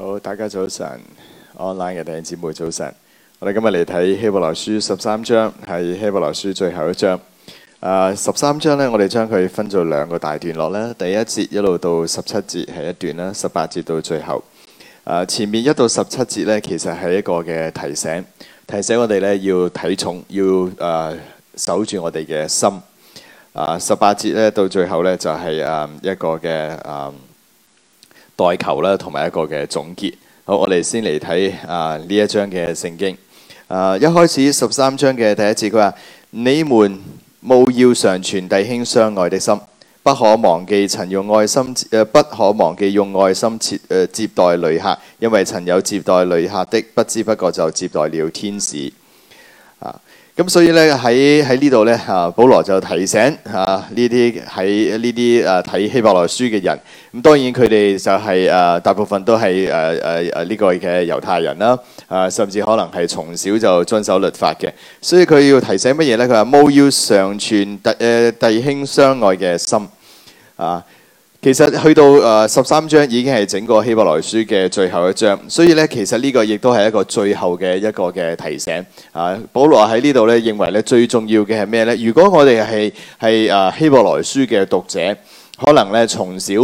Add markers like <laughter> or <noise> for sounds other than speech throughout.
好，大家早晨，online 嘅弟兄姊妹早晨。我哋今日嚟睇希伯來書十三章，係希伯來書最後一章，呃。十三章呢，我哋將佢分做兩個大段落啦。第一節一路到十七節係一段啦，十八節到最後，呃。前面一到十七節呢，其實係一個嘅提醒，提醒我哋呢要睇重，要啊、呃、守住我哋嘅心，呃。十八節呢，到最後呢，就係、是、啊、呃、一個嘅啊。呃代求啦，同埋一個嘅總結。好，我哋先嚟睇啊呢一章嘅聖經、呃。一開始十三章嘅第一節，佢話：你們務要常存弟兄相愛的心，不可忘記曾用愛心、呃、不可忘記用愛心接、呃、接待旅客，因為曾有接待旅客的，不知不覺就接待了天使。咁所以咧喺喺呢度咧嚇，保羅就提醒嚇呢啲喺呢啲誒睇希伯來書嘅人，咁當然佢哋就係誒大部分都係誒誒誒呢個嘅猶太人啦，誒甚至可能係從小就遵守律法嘅，所以佢要提醒乜嘢咧？佢話務要常存弟誒弟兄相愛嘅心，啊。其實去到誒十三章已經係整個希伯來書嘅最後一章，所以咧其實呢個亦都係一個最後嘅一個嘅提醒啊。保羅喺呢度咧認為咧最重要嘅係咩呢？如果我哋係係誒希伯來書嘅讀者，可能咧從小。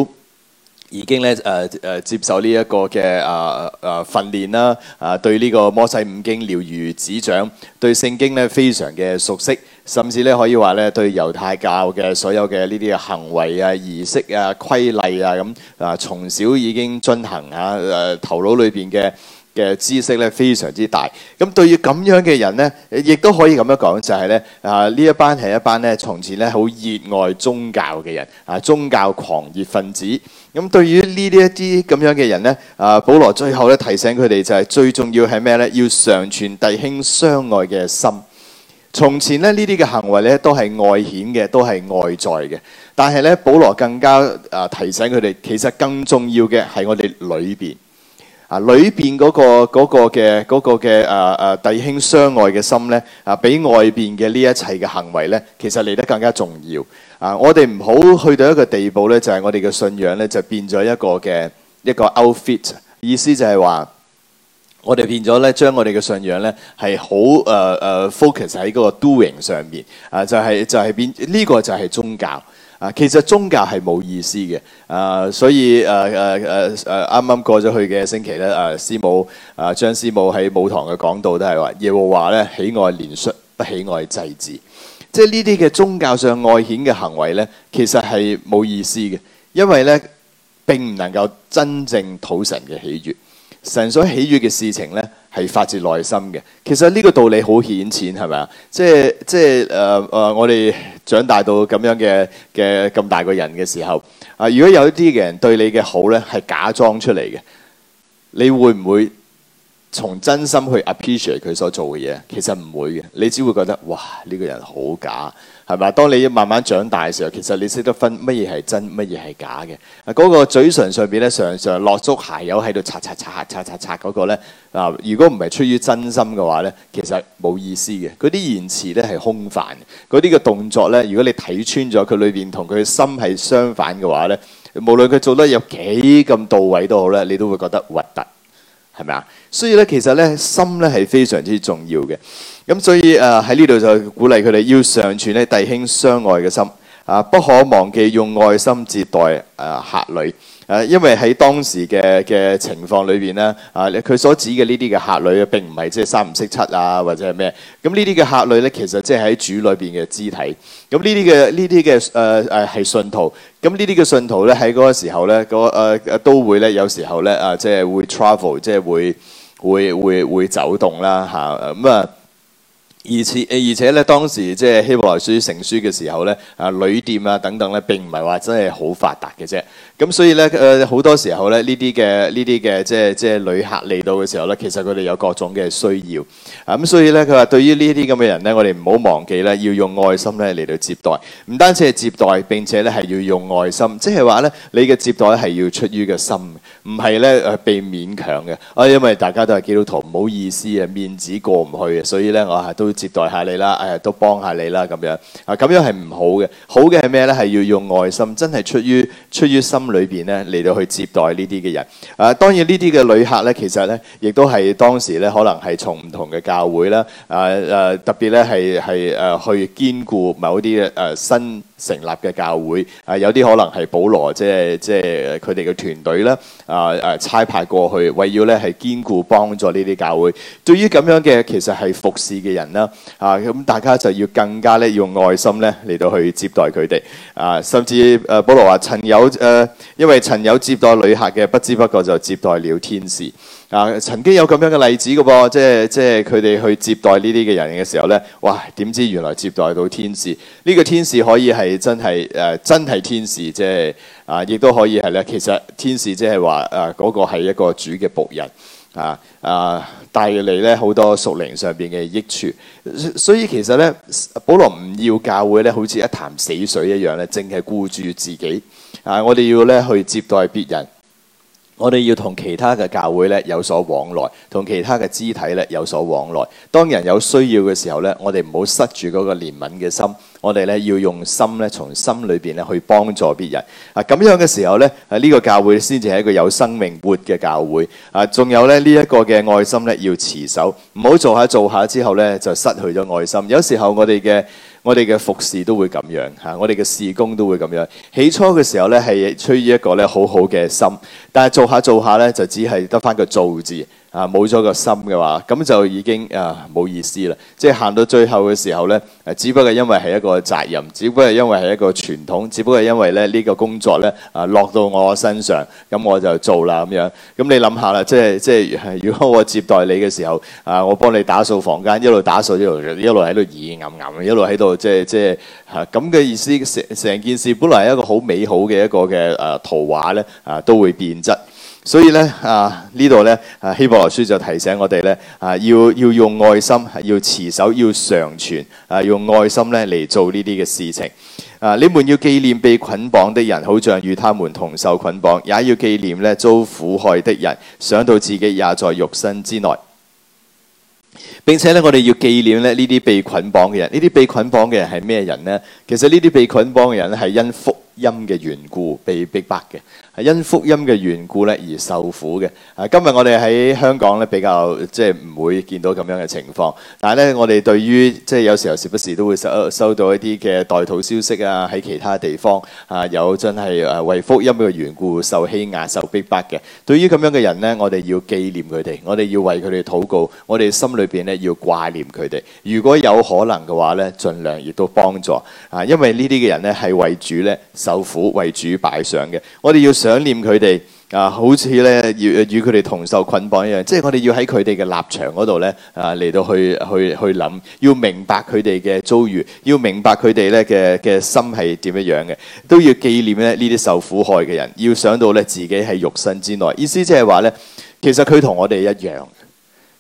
已經咧誒誒接受呢一個嘅啊啊訓練啦啊，對呢個摩西五經了如指掌，對聖經咧非常嘅熟悉，甚至咧可以話咧對猶太教嘅所有嘅呢啲行為啊、儀式啊、規例啊咁啊，從小已經進行啊誒頭腦裏邊嘅。嘅知識咧非常之大，咁對於咁樣嘅人呢，亦都可以咁樣講，就係咧啊呢一班係一班咧從前咧好熱愛宗教嘅人啊，宗教狂熱分子。咁對於呢啲一啲咁樣嘅人呢，啊保羅最後咧提醒佢哋就係最重要係咩呢？要常存弟兄相愛嘅心。從前咧呢啲嘅行為呢，都係外顯嘅，都係外在嘅，但係呢，保羅更加啊提醒佢哋，其實更重要嘅係我哋裏邊面那個那個那個、啊，裏邊嗰個嗰個嘅嗰個嘅誒誒弟兄相愛嘅心咧，啊，比外邊嘅呢一切嘅行為咧，其實嚟得更加重要。啊，我哋唔好去到一個地步咧，就係、是、我哋嘅信仰咧，就變咗一個嘅一個 outfit，意思就係話我哋變咗咧，將我哋嘅信仰咧係好誒誒 focus 喺嗰個 doing 上面啊，就係、是、就係、是、變呢、呢個就係宗教。啊，其實宗教係冇意思嘅，啊，所以誒誒誒誒，啱、啊、啱、啊啊、過咗去嘅星期咧，啊，師母啊張師母喺舞堂嘅講道都係話，耶和華咧喜愛憐恤，不喜愛祭祀，即係呢啲嘅宗教上外顯嘅行為咧，其實係冇意思嘅，因為咧並唔能夠真正討神嘅喜悦，神所喜悦嘅事情咧。係發自內心嘅，其實呢個道理好顯淺，係咪啊？即係即係誒誒，我哋長大到咁樣嘅嘅咁大個人嘅時候，啊、呃，如果有一啲嘅人對你嘅好咧係假裝出嚟嘅，你會唔會從真心去 appreciate 佢所做嘅嘢？其實唔會嘅，你只會覺得哇，呢個人好假。係嘛？當你要慢慢長大嘅時候，其實你識得分乜嘢係真，乜嘢係假嘅。嗱，嗰個嘴唇上邊咧，常常落足鞋油喺度擦擦擦下，擦擦擦嗰個咧，嗱，如果唔係出於真心嘅話咧，其實冇意思嘅。嗰啲言辭咧係空泛，嗰啲嘅動作咧，如果你睇穿咗佢裏邊同佢心係相反嘅話咧，無論佢做得有幾咁到位都好咧，你都會覺得核突。係咪啊？所以咧，其實咧，心咧係非常之重要嘅。咁所以誒，喺呢度就鼓勵佢哋要上傳咧，弟兄相愛嘅心，啊、呃，不可忘記用愛心接待誒客旅。誒，因為喺當時嘅嘅情況裏邊咧，啊，佢所指嘅呢啲嘅客旅啊，並唔係即係三唔識七啊，或者係咩？咁呢啲嘅客旅咧，其實即係喺主裏邊嘅肢體。咁呢啲嘅呢啲嘅誒誒係信徒。咁呢啲嘅信徒咧，喺嗰個時候咧，個、呃、誒都會咧有時候咧啊，即、就、係、是、會 travel，即係會會會會走動啦吓，咁啊～、嗯而且誒，而且咧，當時即係希伯來書成書嘅時候咧，啊旅店啊等等咧，並唔係話真係好發達嘅啫。咁所以咧，誒好多時候咧，呢啲嘅呢啲嘅即係即係旅客嚟到嘅時候咧，其實佢哋有各種嘅需要啊。咁所以咧，佢話對於呢啲咁嘅人咧，我哋唔好忘記咧，要用愛心咧嚟到接待，唔單止係接待，並且咧係要用愛心，即係話咧你嘅接待係要出於個心。唔係咧，誒被勉強嘅啊，因為大家都係基督徒，唔好意思啊，面子過唔去啊，所以咧，我、啊、係都接待下你啦，誒、啊，都幫下你啦，咁樣啊，咁樣係唔好嘅。好嘅係咩咧？係要用愛心，真係出於出於心裏邊咧嚟到去接待呢啲嘅人。誒、啊，當然呢啲嘅旅客咧，其實咧亦都係當時咧，可能係從唔同嘅教會啦，誒、啊、誒、啊，特別咧係係誒去堅固某啲誒、啊、新。成立嘅教會，啊、呃、有啲可能係保羅，即係即係佢哋嘅團隊啦。啊、呃、啊、呃、差派過去，為要咧係堅固幫助呢啲教會。對於咁樣嘅，其實係服侍嘅人啦，啊、呃、咁大家就要更加咧用愛心咧嚟到去接待佢哋，啊、呃、甚至誒、呃、保羅話，曾有誒、呃、因為曾有接待旅客嘅，不知不覺就接待了天使。啊，曾經有咁樣嘅例子嘅噃，即係即係佢哋去接待呢啲嘅人嘅時候呢，哇！點知原來接待到天使？呢、這個天使可以係真係誒、呃，真係天使，即係啊，亦都可以係呢。其實天使即係話誒，嗰、呃這個係一個主嘅僕人啊啊，帶、啊、嚟呢好多屬靈上邊嘅益處。所以其實呢，保羅唔要教會呢好似一潭死水一樣呢，淨係顧住自己啊！我哋要呢去接待別人。我哋要同其他嘅教會咧有所往來，同其他嘅肢體咧有所往來。當人有需要嘅時候咧，我哋唔好塞住嗰個憐憫嘅心，我哋咧要用心咧從心裏邊咧去幫助別人啊。咁樣嘅時候咧，呢個教會先至係一個有生命活嘅教會啊。仲有咧呢一個嘅愛心咧要持守，唔好做下做下之後咧就失去咗愛心。有時候我哋嘅我哋嘅服侍都會咁樣嚇，我哋嘅事工都會咁樣。起初嘅時候咧係出於一個咧好好嘅心。但係做下做下咧，就只係得翻個做字，啊冇咗個心嘅話，咁就已經啊冇意思啦。即係行到最後嘅時候咧，啊，只不過因為係一個責任，只不過因為係一個傳統，只不過因為咧呢，這個工作咧啊落到我身上，咁我就做啦咁樣。咁你諗下啦，即係即係如果我接待你嘅時候，啊我幫你打掃房間，一路打掃一路一路喺度耳揞揞，一路喺度即係即係嚇咁嘅意思。成成件事本來係一個好美好嘅一個嘅誒圖畫咧，啊，啊都會變。所以咧啊，呢度咧，希伯來書就提醒我哋呢，啊，要要用愛心，要持守，要常存啊，用愛心呢嚟做呢啲嘅事情。啊，你們要記念被捆綁的人，好像與他們同受捆綁；也要記念呢遭苦害的人，想到自己也在肉身之內。並且呢，我哋要記念咧呢啲被捆綁嘅人，呢啲被捆綁嘅人係咩人呢？其實呢啲被捆綁嘅人咧係因福音嘅緣故被逼迫嘅。因福音嘅緣故咧而受苦嘅。啊，今日我哋喺香港咧比較即係唔會見到咁樣嘅情況，但係咧我哋對於即係有時候時不時都會收收到一啲嘅代禱消息啊，喺其他地方啊有真係誒為福音嘅緣故受欺壓、受逼迫嘅。對於咁樣嘅人呢，我哋要紀念佢哋，我哋要為佢哋禱告，我哋心裏邊咧要掛念佢哋。如果有可能嘅話呢，儘量亦都幫助啊，因為呢啲嘅人呢，係為主呢，受苦、為主擺上嘅。我哋要。想念佢哋啊，好似咧，要與佢哋同受捆綁一樣，即係我哋要喺佢哋嘅立場嗰度咧啊，嚟到去去去諗，要明白佢哋嘅遭遇，要明白佢哋咧嘅嘅心係點樣樣嘅，都要紀念咧呢啲受苦害嘅人。要想到咧自己係肉身之內，意思即係話咧，其實佢同我哋一樣。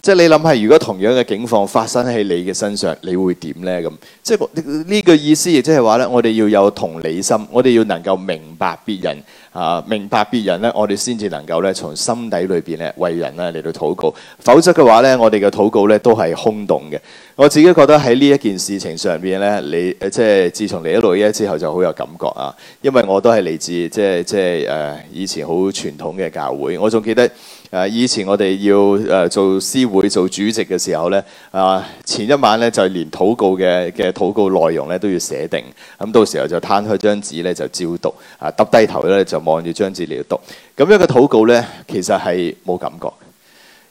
即係你諗下，如果同樣嘅境況發生喺你嘅身上，你會點咧？咁即係呢個意思，亦即係話咧，我哋要有同理心，我哋要能夠明白別人。啊！明白別人咧，我哋先至能夠咧從心底裏邊咧為人咧嚟到禱告，否則嘅話咧，我哋嘅禱告咧都係空洞嘅。我自己覺得喺呢一件事情上邊咧，你即係自從嚟咗女一之後就好有感覺啊！因為我都係嚟自即係即係誒以前好傳統嘅教會，我仲記得誒以前我哋要誒做司會做主席嘅時候咧啊，前一晚咧就連禱告嘅嘅禱告內容咧都要寫定，咁到時候就攤開張紙咧就照讀啊，揼低頭咧就，望住章子嚟度讀，咁樣嘅禱告呢，其實係冇感覺，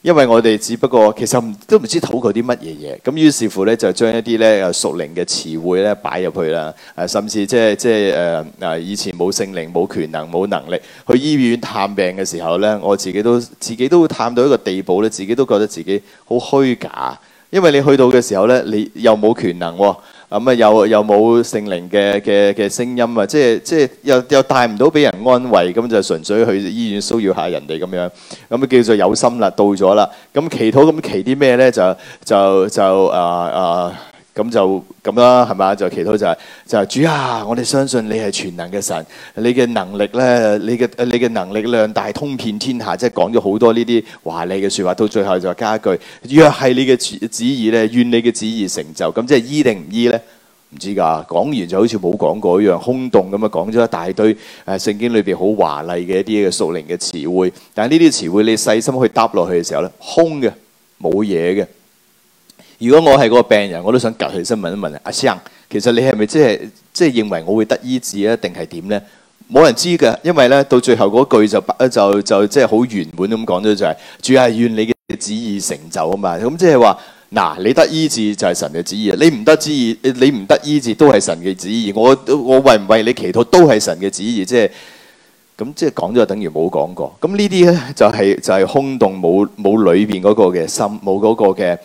因為我哋只不過其實都唔知禱告啲乜嘢嘢，咁於是乎呢，就將一啲呢誒屬靈嘅詞彙呢擺入去啦，誒甚至即係即係誒、呃、以前冇聖靈、冇權能、冇能力去醫院探病嘅時候呢，我自己都自己都探到一個地步呢，自己都覺得自己好虛假，因為你去到嘅時候呢，你又冇權能喎。咁啊、嗯，又又冇聖靈嘅嘅嘅聲音啊！即係即係又又帶唔到俾人安慰，咁就純粹去醫院騷擾下人哋咁樣。咁啊，叫做有心啦，到咗啦。咁、嗯、祈禱咁祈啲咩咧？就就就啊啊！呃呃咁就咁啦，係嘛？就祈禱就係，就係主啊！我哋相信你係全能嘅神，你嘅能力咧，你嘅你嘅能力量大，通遍天下，即係講咗好多呢啲華麗嘅説話。到最後就加一句：若係你嘅旨意咧，願你嘅旨意成就。咁即係依定唔依咧？唔知㗎。講完就好似冇講過一樣，空洞咁啊！講咗一大堆誒聖經裏邊好華麗嘅一啲嘅屬靈嘅詞彙，但係呢啲詞彙你細心去搭落去嘅時候咧，空嘅，冇嘢嘅。如果我係個病人，我都想趷起身問一問阿生，啊，其實你係咪即係即係認為我會得醫治啊？定係點呢？冇人知嘅，因為咧到最後嗰句就就就即係好圓滿咁講咗，就係、就是、主要係，願你嘅旨意成就啊嘛。咁即係話嗱，你得醫治就係神嘅旨意，你唔得醫治，你唔得醫治都係神嘅旨意。我我為唔為你祈禱都係神嘅旨意。即係咁即係講咗，就就等於冇講過。咁呢啲咧就係、是、就係、是就是、空洞，冇冇裏邊嗰個嘅心，冇嗰個嘅。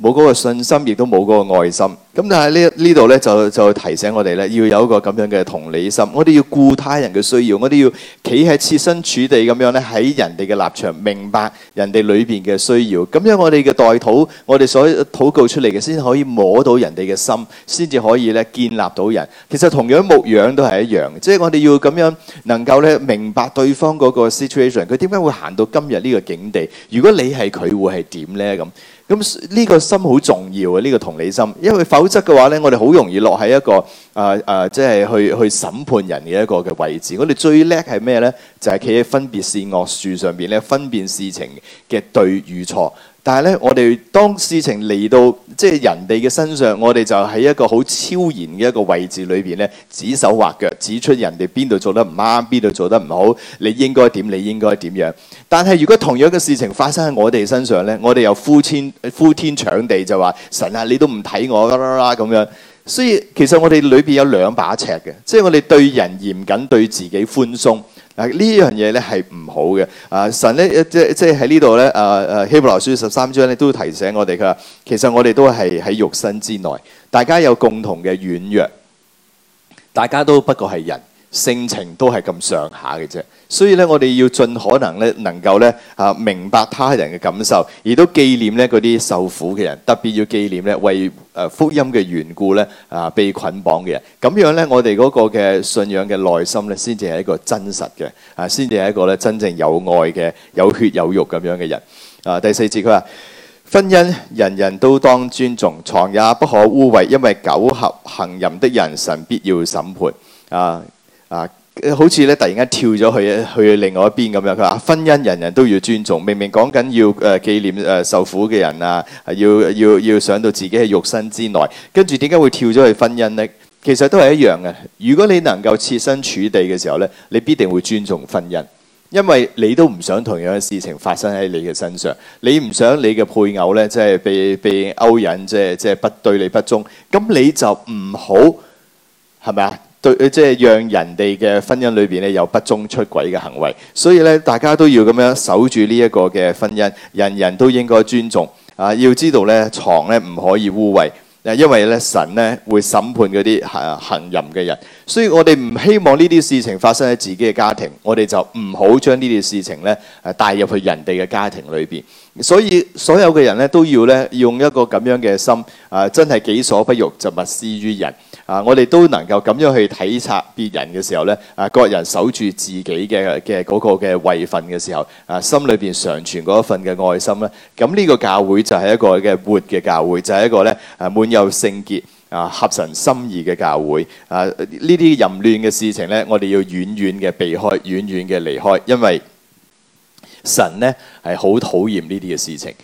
冇嗰個信心，亦都冇嗰個愛心。咁但係呢呢度呢，就就提醒我哋呢，要有一個咁樣嘅同理心。我哋要顧他人嘅需要，我哋要企喺設身處地咁樣呢，喺人哋嘅立場，明白人哋裏邊嘅需要。咁樣我哋嘅代禱，我哋所禱告出嚟嘅，先可以摸到人哋嘅心，先至可以呢建立到人。其實同樣牧養都係一樣，即係我哋要咁樣能夠呢，明白對方嗰個 situation，佢點解會行到今日呢個境地？如果你係佢，會係點呢？咁？咁呢個心好重要啊！呢個同理心，因為否則嘅話呢，我哋好容易落喺一個誒誒，即係去去審判人嘅一個嘅位置。我哋最叻係咩呢？就係企喺分別善惡樹上邊咧，分辨事情嘅對與錯。但係咧，我哋當事情嚟到，即係人哋嘅身上，我哋就喺一個好超然嘅一個位置裏邊咧，指手畫腳，指出人哋邊度做得唔啱，邊度做得唔好，你應該點？你應該點樣？但係如果同樣嘅事情發生喺我哋身上咧，我哋又呼天呼天搶地就話：神啊，你都唔睇我啦啦啦咁樣。所以其實我哋裏邊有兩把尺嘅，即係我哋對人嚴謹，對自己寬鬆。啊！呢樣嘢咧係唔好嘅。啊！神咧，即即喺呢度咧，啊啊希伯來書十三章咧都提醒我哋，㗎。其實我哋都係喺肉身之內，大家有共同嘅軟弱，大家都不過係人，性情都係咁上下嘅啫。所以咧，我哋要盡可能咧，能夠咧啊，明白他人嘅感受，而都紀念咧嗰啲受苦嘅人，特別要紀念咧為誒福音嘅緣故咧啊，被捆綁嘅人。咁樣咧，我哋嗰個嘅信仰嘅內心咧，先至係一個真實嘅啊，先至係一個咧真正有愛嘅、有血有肉咁樣嘅人。啊，第四節佢話：婚姻人人都當尊重，牀也不可污穢，因為苟合行淫的人，神必要審判。啊啊！好似咧，突然間跳咗去去另外一邊咁樣。佢話婚姻人人都要尊重，明明講緊要誒紀念誒受苦嘅人啊，要要要想到自己喺肉身之內。跟住點解會跳咗去婚姻呢？其實都係一樣嘅。如果你能夠設身處地嘅時候呢，你必定會尊重婚姻，因為你都唔想同樣嘅事情發生喺你嘅身上。你唔想你嘅配偶呢，即係被被勾引，即係即係不對你不忠。咁你就唔好係咪啊？對，即、就、係、是、讓人哋嘅婚姻裏邊咧有不忠出軌嘅行為，所以咧大家都要咁樣守住呢一個嘅婚姻，人人都應該尊重啊！要知道咧床咧唔可以污衊，誒、啊，因為咧神咧會審判嗰啲誒行淫嘅人，所以我哋唔希望呢啲事情發生喺自己嘅家庭，我哋就唔好將呢啲事情咧誒帶入去人哋嘅家庭裏邊。所以所有嘅人咧都要咧用一個咁樣嘅心，誒、啊，真係己所不欲就勿施於人。啊！我哋都能夠咁樣去體察別人嘅時候呢啊，各人守住自己嘅嘅嗰個嘅位份嘅時候，啊，心裏邊常存嗰一份嘅愛心咧，咁、啊、呢、呢個教會就係一個嘅活嘅教會，就係、是、一個呢啊，滿有聖潔啊，合神心意嘅教會啊，呢啲淫亂嘅事情呢，我哋要遠遠嘅避開，遠遠嘅離開，因為神呢係好討厭呢啲嘅事情。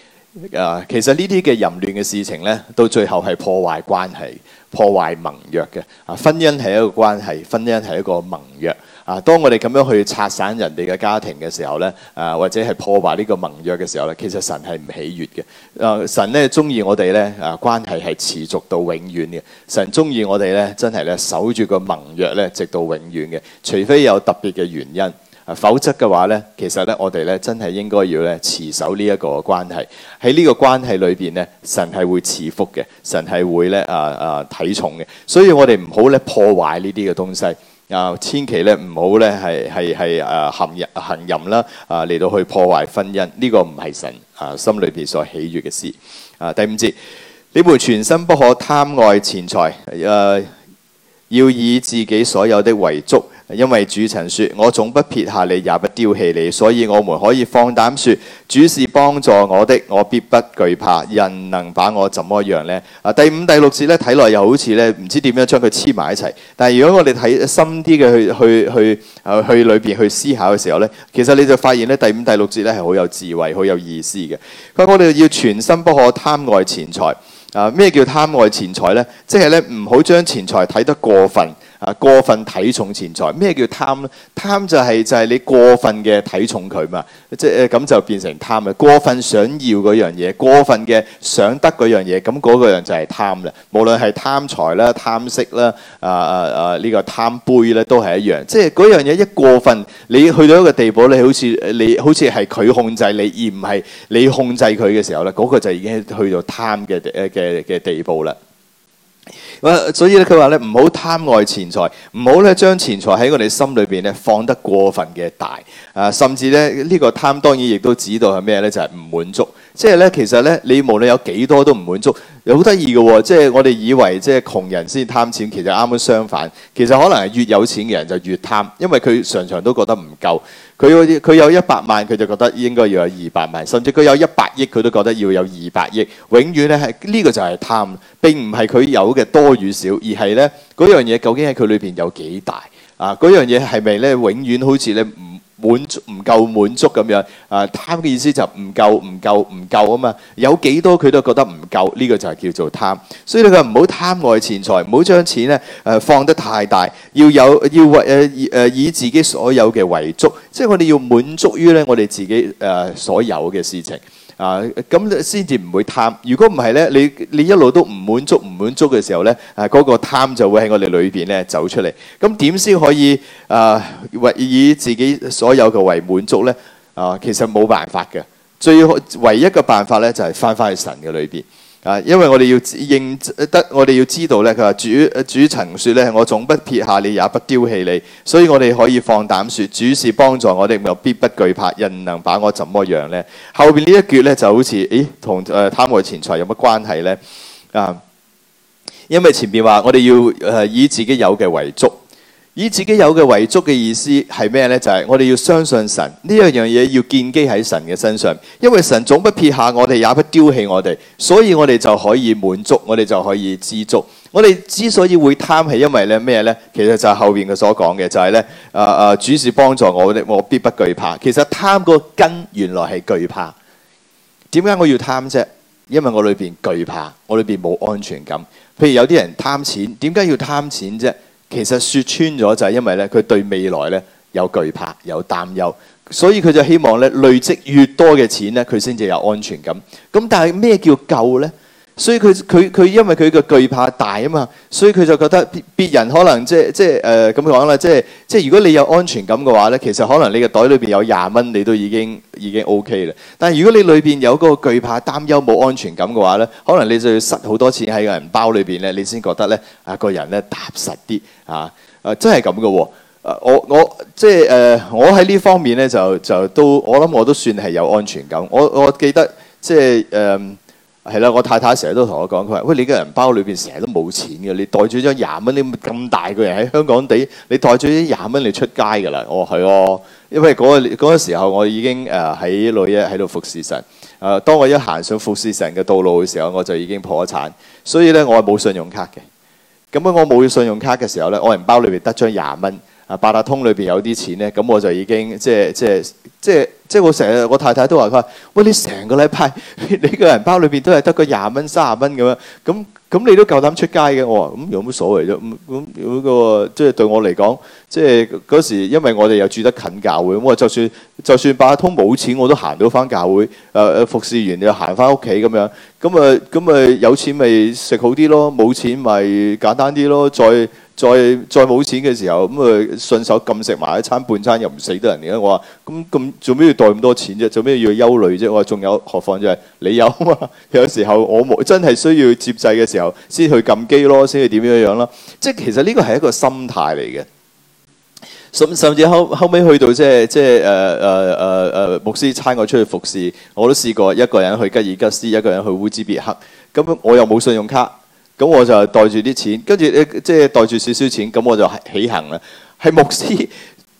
啊，其實呢啲嘅淫亂嘅事情呢，到最後係破壞關係、破壞盟約嘅。啊，婚姻係一個關係，婚姻係一個盟約。啊，當我哋咁樣去拆散人哋嘅家庭嘅時候呢，啊，或者係破壞呢個盟約嘅時候呢，其實神係唔喜悅嘅。啊，神呢中意我哋呢，啊，關係係持續到永遠嘅。神中意我哋呢，真係呢守住個盟約呢，直到永遠嘅，除非有特別嘅原因。否則嘅話呢，其實呢，我哋呢真係應該要呢持守呢一個關係。喺呢個關係裏邊呢，神係會賜福嘅，神係會呢啊啊睇重嘅，所以我哋唔好呢破壞呢啲嘅東西。啊，千祈呢唔好呢係係係啊行淫行淫啦，啊嚟到去破壞婚姻，呢、這個唔係神啊心裏邊所喜悦嘅事。啊，第五節，你們存心不可貪愛錢財，誒、啊，要以自己所有的為足。因為主曾説：我總不撇下你，也不丟棄你，所以我們可以放膽説：主是幫助我的，我必不懼怕。人能把我怎麼樣呢？啊，第五、第六節咧睇落又好似咧唔知點樣將佢黐埋一齊。但係如果我哋睇深啲嘅去去去去裏邊，啊，去，去思考嘅時候咧，其實你就發現咧第五、第六節咧係好有智慧、好有意思嘅。佢話我哋要全身不可貪愛錢財。啊，咩叫貪愛錢財呢？即係咧唔好將錢財睇得過分。啊！過分睇重錢財，咩叫貪咧？貪就係、係、就係、係、你過分嘅睇重佢嘛，即係咁、啊、就變成貪啦。過分想要嗰樣嘢，過分嘅想得嗰樣嘢，咁嗰個人就係貪啦。無論係貪財啦、貪色啦、啊啊啊呢、呢個貪杯咧，都係一樣。即係嗰樣嘢一過分，你去到一個地步咧，你好似你好似係佢控制你，而唔係你控制佢嘅時候咧，嗰、嗰個就已經去到貪嘅嘅嘅地步啦。所以咧佢話咧唔好貪愛錢財，唔好咧將錢財喺我哋心裏邊咧放得過分嘅大啊，甚至咧呢個貪當然亦都指到係咩咧？就係唔滿足。即係咧，其實咧你無論有幾多都唔滿足，又好得意嘅喎。即係我哋以為即係窮人先貪錢，其實啱啱相反。其實可能係越有錢嘅人就越貪，因為佢常常都覺得唔夠。佢佢有一百萬，佢就覺得應該要有二百萬，甚至佢有一百億，佢都覺得要有二百億。永遠咧係呢個就係貪，並唔係佢有嘅多。多與少，而係咧嗰樣嘢究竟喺佢裏邊有幾大啊？嗰樣嘢係咪咧永遠好似咧唔滿足、唔夠滿足咁樣啊？貪嘅意思就唔夠、唔夠、唔夠啊嘛！有幾多佢都覺得唔夠，呢個就係叫做貪。所以你佢唔好貪愛錢財，唔好將錢咧誒放得太大，要有要為誒誒以自己所有嘅為足，即係我哋要滿足於咧我哋自己誒所有嘅事情。啊，咁先至唔會貪。如果唔係咧，你你一路都唔滿足，唔滿足嘅時候咧，啊，嗰個貪就會喺我哋裏邊咧走出嚟。咁點先可以啊？為以自己所有嘅為滿足咧？啊，其實冇辦法嘅。最好唯一嘅辦法咧，就係翻返去神嘅裏邊。啊！因為我哋要認得，我哋要知道咧。佢話主誒主曾説咧：我總不撇下你，也不丟棄你。所以我哋可以放膽説：主是幫助我哋，又必不懼怕。人能把握我怎麼樣呢？」後邊呢一橛咧就好似誒同誒貪愛錢財有乜關係呢？啊！因為前邊話我哋要誒、呃、以自己有嘅為足。以自己有嘅為足嘅意思係咩呢？就係、是、我哋要相信神呢樣樣嘢，要建基喺神嘅身上。因為神總不撇下我哋，也不丟棄我哋，所以我哋就可以滿足，我哋就可以知足。我哋之所以會貪，係因為咧咩呢？其實就係後邊嘅所講嘅，就係、是、呢。誒、啊、誒、啊，主是幫助我，我必不懼怕。其實貪個根原來係懼怕。點解我要貪啫？因為我裏邊懼怕，我裏邊冇安全感。譬如有啲人貪錢，點解要貪錢啫？其實説穿咗就係因為呢，佢對未來呢有懼怕、有擔憂，所以佢就希望呢累積越多嘅錢呢，佢先至有安全感。咁但係咩叫夠呢？所以佢佢佢因為佢個懼怕大啊嘛，所以佢就覺得別人可能即即誒咁講啦，即、呃、即，即如果你有安全感嘅話咧，其實可能你嘅袋裏邊有廿蚊，你都已經已經 OK 啦。但係如果你裏邊有嗰個懼怕、擔憂冇安全感嘅話咧，可能你就要塞好多錢喺個銀包裏邊咧，你先覺得咧啊個人咧踏實啲啊誒、啊、真係咁嘅喎，我我即誒、呃、我喺呢方面咧就就都我諗我都算係有安全感。我我記得即誒。呃係啦，我太太成日都同我講，佢話：喂，你個銀包裏邊成日都冇錢嘅，你袋住張廿蚊，你咁大個人喺香港地，你袋住啲廿蚊你出街㗎啦。我話係哦，因為嗰、嗰個嗰、嗰個、時候我已經誒喺女一喺度服侍神。誒、呃，當我一行上服侍神嘅道路嘅時候，我就已經破產，所以咧我係冇信用卡嘅。咁樣我冇信用卡嘅時候咧，我銀包裏邊得張廿蚊。啊，八達通裏邊有啲錢咧，咁我就已經即係即係即係即係我成日我太太都話佢話喂，你成個禮拜 <laughs> 你個人包裏邊都係得個廿蚊卅蚊咁樣，咁咁你都夠膽出街嘅？我話咁有冇所謂啫？咁咁有個即係對我嚟講，即係嗰時因為我哋又住得近教會，咁我就算就算八達通冇錢，我都行到翻教會，誒誒、呃、服侍完你又行翻屋企咁樣，咁啊咁啊有錢咪食好啲咯，冇錢咪簡單啲咯，再。再再冇錢嘅時候，咁啊順手撳食埋一餐半餐又，又唔死得人哋，我話：咁咁做咩要袋咁多錢啫？做咩要憂慮啫？我話：仲有何況就係、是、你有啊！有時候我冇真係需要接濟嘅時候，先去撳機咯，先去點樣樣啦。即、就、係、是、其實呢個係一個心態嚟嘅。甚甚至後後尾去到即係即係誒誒誒誒牧師差我出去服侍，我都試過一個人去吉爾吉斯，一個人去烏茲別克，咁我又冇信用卡。咁我就袋住啲錢，跟住誒，即係袋住少少錢，咁我就起行啦。係牧師誒、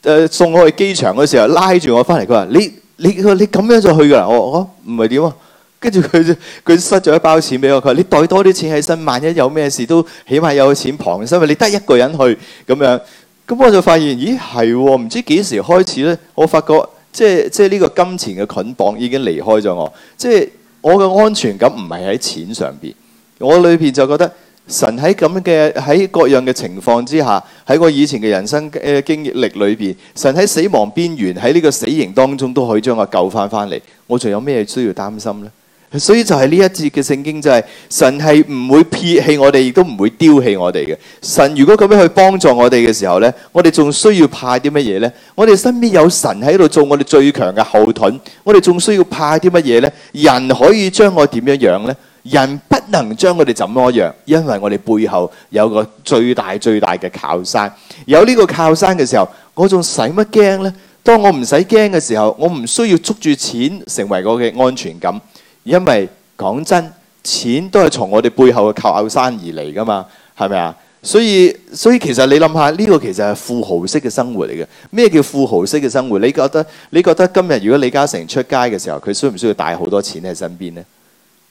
呃、送我去機場嘅時候，拉住我翻嚟，佢話：你你你咁樣就去㗎啦。我我唔係點啊？跟住佢就，佢塞咗一包錢俾我，佢話：你袋多啲錢喺身，萬一有咩事都起碼有錢傍身啊！你得一個人去咁樣，咁我就發現，咦係喎？唔知幾時開始咧，我發覺即係即係呢個金錢嘅捆綁已經離開咗我，即係我嘅安全感唔係喺錢上邊。我裏邊就覺得神喺咁嘅，喺各樣嘅情況之下，喺我以前嘅人生嘅經歷裏邊，神喺死亡邊緣喺呢個死刑當中都可以將我救翻翻嚟，我仲有咩需要擔心呢？所以就係呢一節嘅聖經就係、是、神係唔會撇棄我哋，亦都唔會丟棄我哋嘅。神如果咁樣去幫助我哋嘅時候呢，我哋仲需要怕啲乜嘢呢？我哋身邊有神喺度做我哋最強嘅後盾，我哋仲需要怕啲乜嘢呢？人可以將我點樣樣呢？人不能將我哋怎麼樣，因為我哋背後有個最大最大嘅靠山。有呢個靠山嘅時候，我仲使乜驚呢？當我唔使驚嘅時候，我唔需要捉住錢成為我嘅安全感，因為講真，錢都係從我哋背後嘅靠山而嚟噶嘛，係咪啊？所以所以其實你諗下，呢個其實係富豪式嘅生活嚟嘅。咩叫富豪式嘅生活？你覺得你覺得今日如果李嘉誠出街嘅時候，佢需唔需要帶好多錢喺身邊呢？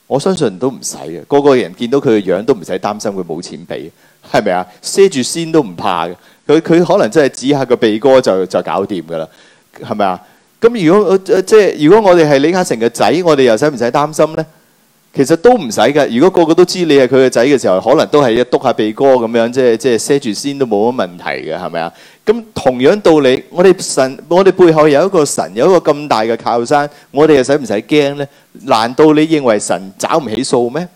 我相信都唔使嘅，個個人見到佢嘅樣都唔使擔心佢冇錢俾，係咪啊？賒住先都唔怕嘅，佢佢可能真係指下個鼻哥就就搞掂噶啦，係咪啊？咁如果即係、呃即係、如果我哋係李嘉誠嘅仔，我哋又使唔使擔心呢？其實都唔使嘅。如果個個都知你係佢嘅仔嘅時候，可能都係一督下鼻哥咁樣，即係即係賒住先都冇乜問題嘅，係咪啊？咁同樣道理，我哋神，我哋背後有一個神，有一個咁大嘅靠山，我哋又使唔使驚呢？難道你認為神找唔起數咩？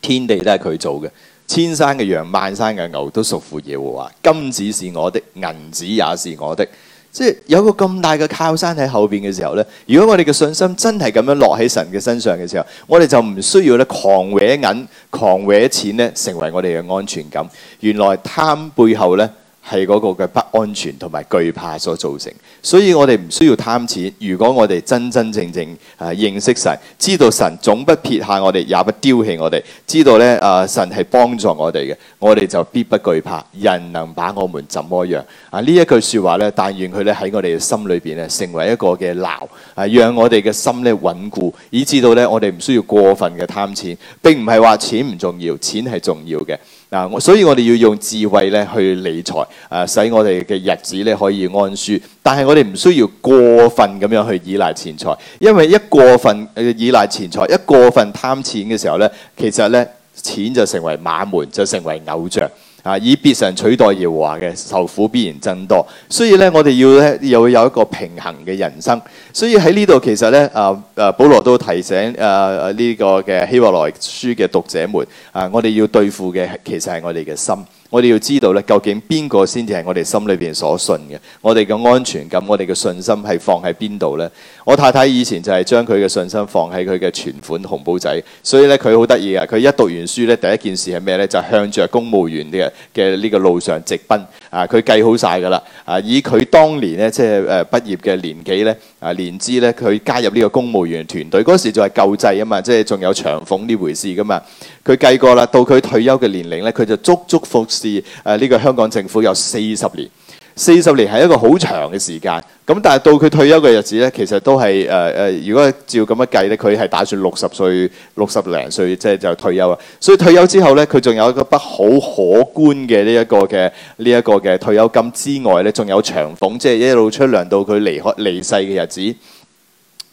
天地都係佢做嘅，千山嘅羊，萬山嘅牛都屬乎耶和華。金子是我的，銀子也是我的。即係有個咁大嘅靠山喺後邊嘅時候呢，如果我哋嘅信心真係咁樣落喺神嘅身上嘅時候，我哋就唔需要咧，狂搲銀，狂搲錢咧，成為我哋嘅安全感。原來貪背後呢。係嗰個嘅不安全同埋懼怕所造成，所以我哋唔需要貪錢。如果我哋真真正正啊認識神，知道神總不撇下我哋，也不丟棄我哋，知道咧啊神係幫助我哋嘅，我哋就必不懼怕。人能把我們怎麼樣？啊呢一句説話咧，但願佢咧喺我哋嘅心裏邊咧，成為一個嘅牢，啊讓我哋嘅心咧穩固，以致到咧我哋唔需要過分嘅貪錢。並唔係話錢唔重要，錢係重要嘅。嗱、啊，所以我哋要用智慧咧去理財，誒、啊，使我哋嘅日子咧可以安舒。但係我哋唔需要過分咁樣去依賴錢財，因為一過分依賴錢財，一過分貪錢嘅時候咧，其實咧錢就成為馬門，就成為偶像。啊！以別常取代耀華嘅，受苦必然增多，所以咧我哋要咧又會有一個平衡嘅人生。所以喺呢度其實咧啊啊，保羅都提醒啊啊呢個嘅希伯來書嘅讀者們啊，我哋要對付嘅其實係我哋嘅心。我哋要知道咧，究竟邊個先至係我哋心裏邊所信嘅？我哋嘅安全感，我哋嘅信心係放喺邊度咧？我太太以前就係將佢嘅信心放喺佢嘅存款紅簿仔，所以咧佢好得意嘅，佢一讀完書咧，第一件事係咩咧？就係、是、向着公務員嘅嘅呢個路上直奔。啊！佢計好晒㗎啦！啊，以佢當年咧，即係誒、啊、畢業嘅年紀咧，啊年資咧，佢加入呢個公務員團隊嗰時就係舊制啊嘛，即係仲有長俸呢回事㗎嘛。佢計過啦，到佢退休嘅年齡咧，佢就足足服侍誒呢個香港政府有四十年。四十年係一個好長嘅時間，咁但係到佢退休嘅日子呢，其實都係誒誒，如果照咁樣計呢，佢係打算六十歲、六十零歲即係就退休啊。所以退休之後呢，佢仲有一筆好可觀嘅呢一個嘅呢一個嘅退休金之外呢，仲有長俸，即係一路出糧到佢離開離世嘅日子。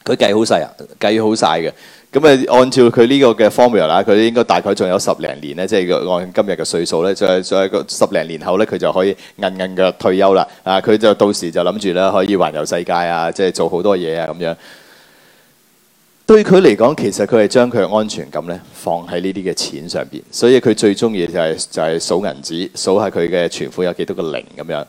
佢計好曬啊！計好晒嘅。咁誒，按照佢呢個嘅 formula 啦，佢應該大概仲有十零年咧，即係按今日嘅歲數咧，再再個十零年後咧，佢就可以硬硬嘅退休啦。啊，佢就到時就諗住啦，可以環遊世界啊，即係做好多嘢啊咁樣。對佢嚟講，其實佢係將佢嘅安全感咧放喺呢啲嘅錢上邊，所以佢最中意就係就係數銀紙，數下佢嘅存款有幾多個零咁樣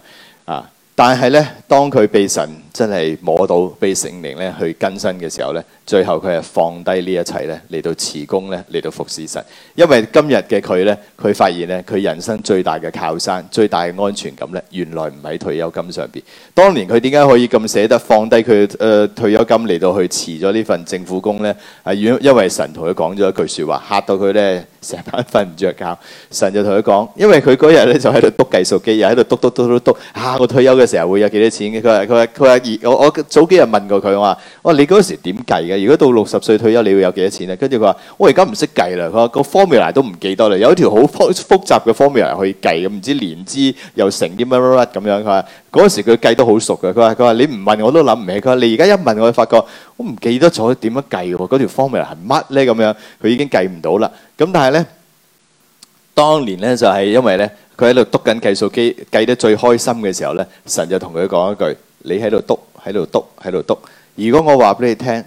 啊。但係咧，當佢被神真係摸到、被聖靈咧去更新嘅時候咧，最後佢係放低呢一切咧，嚟到辭工咧，嚟到服侍神。因為今日嘅佢咧，佢發現咧，佢人生最大嘅靠山、最大嘅安全感咧，原來唔喺退休金上邊。當年佢點解可以咁捨得放低佢誒退休金嚟到去辭咗呢份政府工咧？係因因為神同佢講咗一句説話，嚇到佢咧成晚瞓唔着覺。神就同佢講，因為佢嗰日咧就喺度篤計數機，又喺度篤篤篤篤篤，嚇、啊、我退休嘅。成日會有幾多錢嘅？佢話佢話佢話，我我，我早幾日問過佢話，我話你嗰時點計嘅？如果到六十歲退休，你會有幾多錢咧？跟住佢話，我而家唔識計啦。佢話、個 formula 都唔記得啦，有一條好複複雜嘅 formula 去計，唔知年資又成啲乜乜乜咁樣。佢話嗰時佢計得好熟嘅。佢話佢話你唔問我都諗唔起。佢話你而家一問我，我就發覺我唔記得咗點樣計喎。嗰條 formula 係乜咧？咁樣佢已經計唔到啦。咁但係咧，當年咧就係、是、因為咧。佢喺度督緊計數機，計得最開心嘅時候呢，神就同佢講一句：「你喺度督，喺度督，喺度督。」如果我話俾你聽，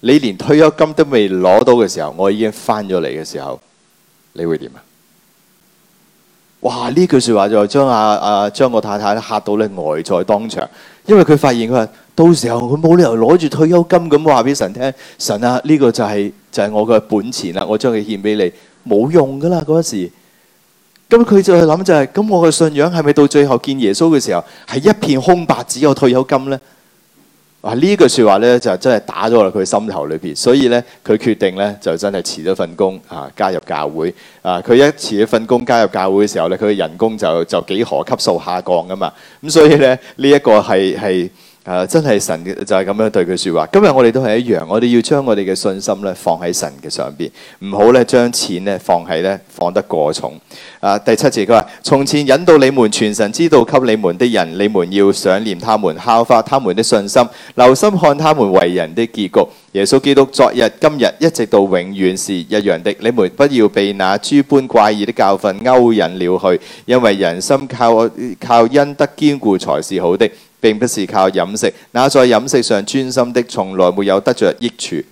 你連退休金都未攞到嘅時候，我已經翻咗嚟嘅時候，你會點啊？哇、啊！呢句說話就將阿阿將我太太嚇到咧，呆在當場。因為佢發現佢話，到時候佢冇理由攞住退休金咁話俾神聽，神啊，呢、這個就係、是、就係、是、我嘅本錢啦，我將佢獻俾你，冇用噶啦嗰時。咁佢就去諗就係、是，咁我嘅信仰係咪到最後見耶穌嘅時候係一片空白，只有退休金呢？啊，呢句說話呢，就真係打咗落佢心頭裏邊，所以呢，佢決定呢，就真係辭咗份工啊，加入教會啊！佢一辭咗份工加入教會嘅時候呢，佢嘅人工就就幾何級數下降噶嘛，咁所以呢，呢、這、一個係係。啊！真係神就係、是、咁樣對佢説話。今日我哋都係一樣，我哋要將我哋嘅信心咧放喺神嘅上邊，唔好咧將錢咧放喺咧放得過重。啊！第七節佢話：從前引導你們、傳神之道給你們的人，你們要想念他們，效法他們的信心，留心看他們為人的結局。耶穌基督昨日、今日一直到永遠是一樣的。你們不要被那諸般怪異的教訓勾引了去，因為人心靠靠恩德堅固才是好的。並不是靠飲食，那在飲食上專心的，從來沒有得著益處。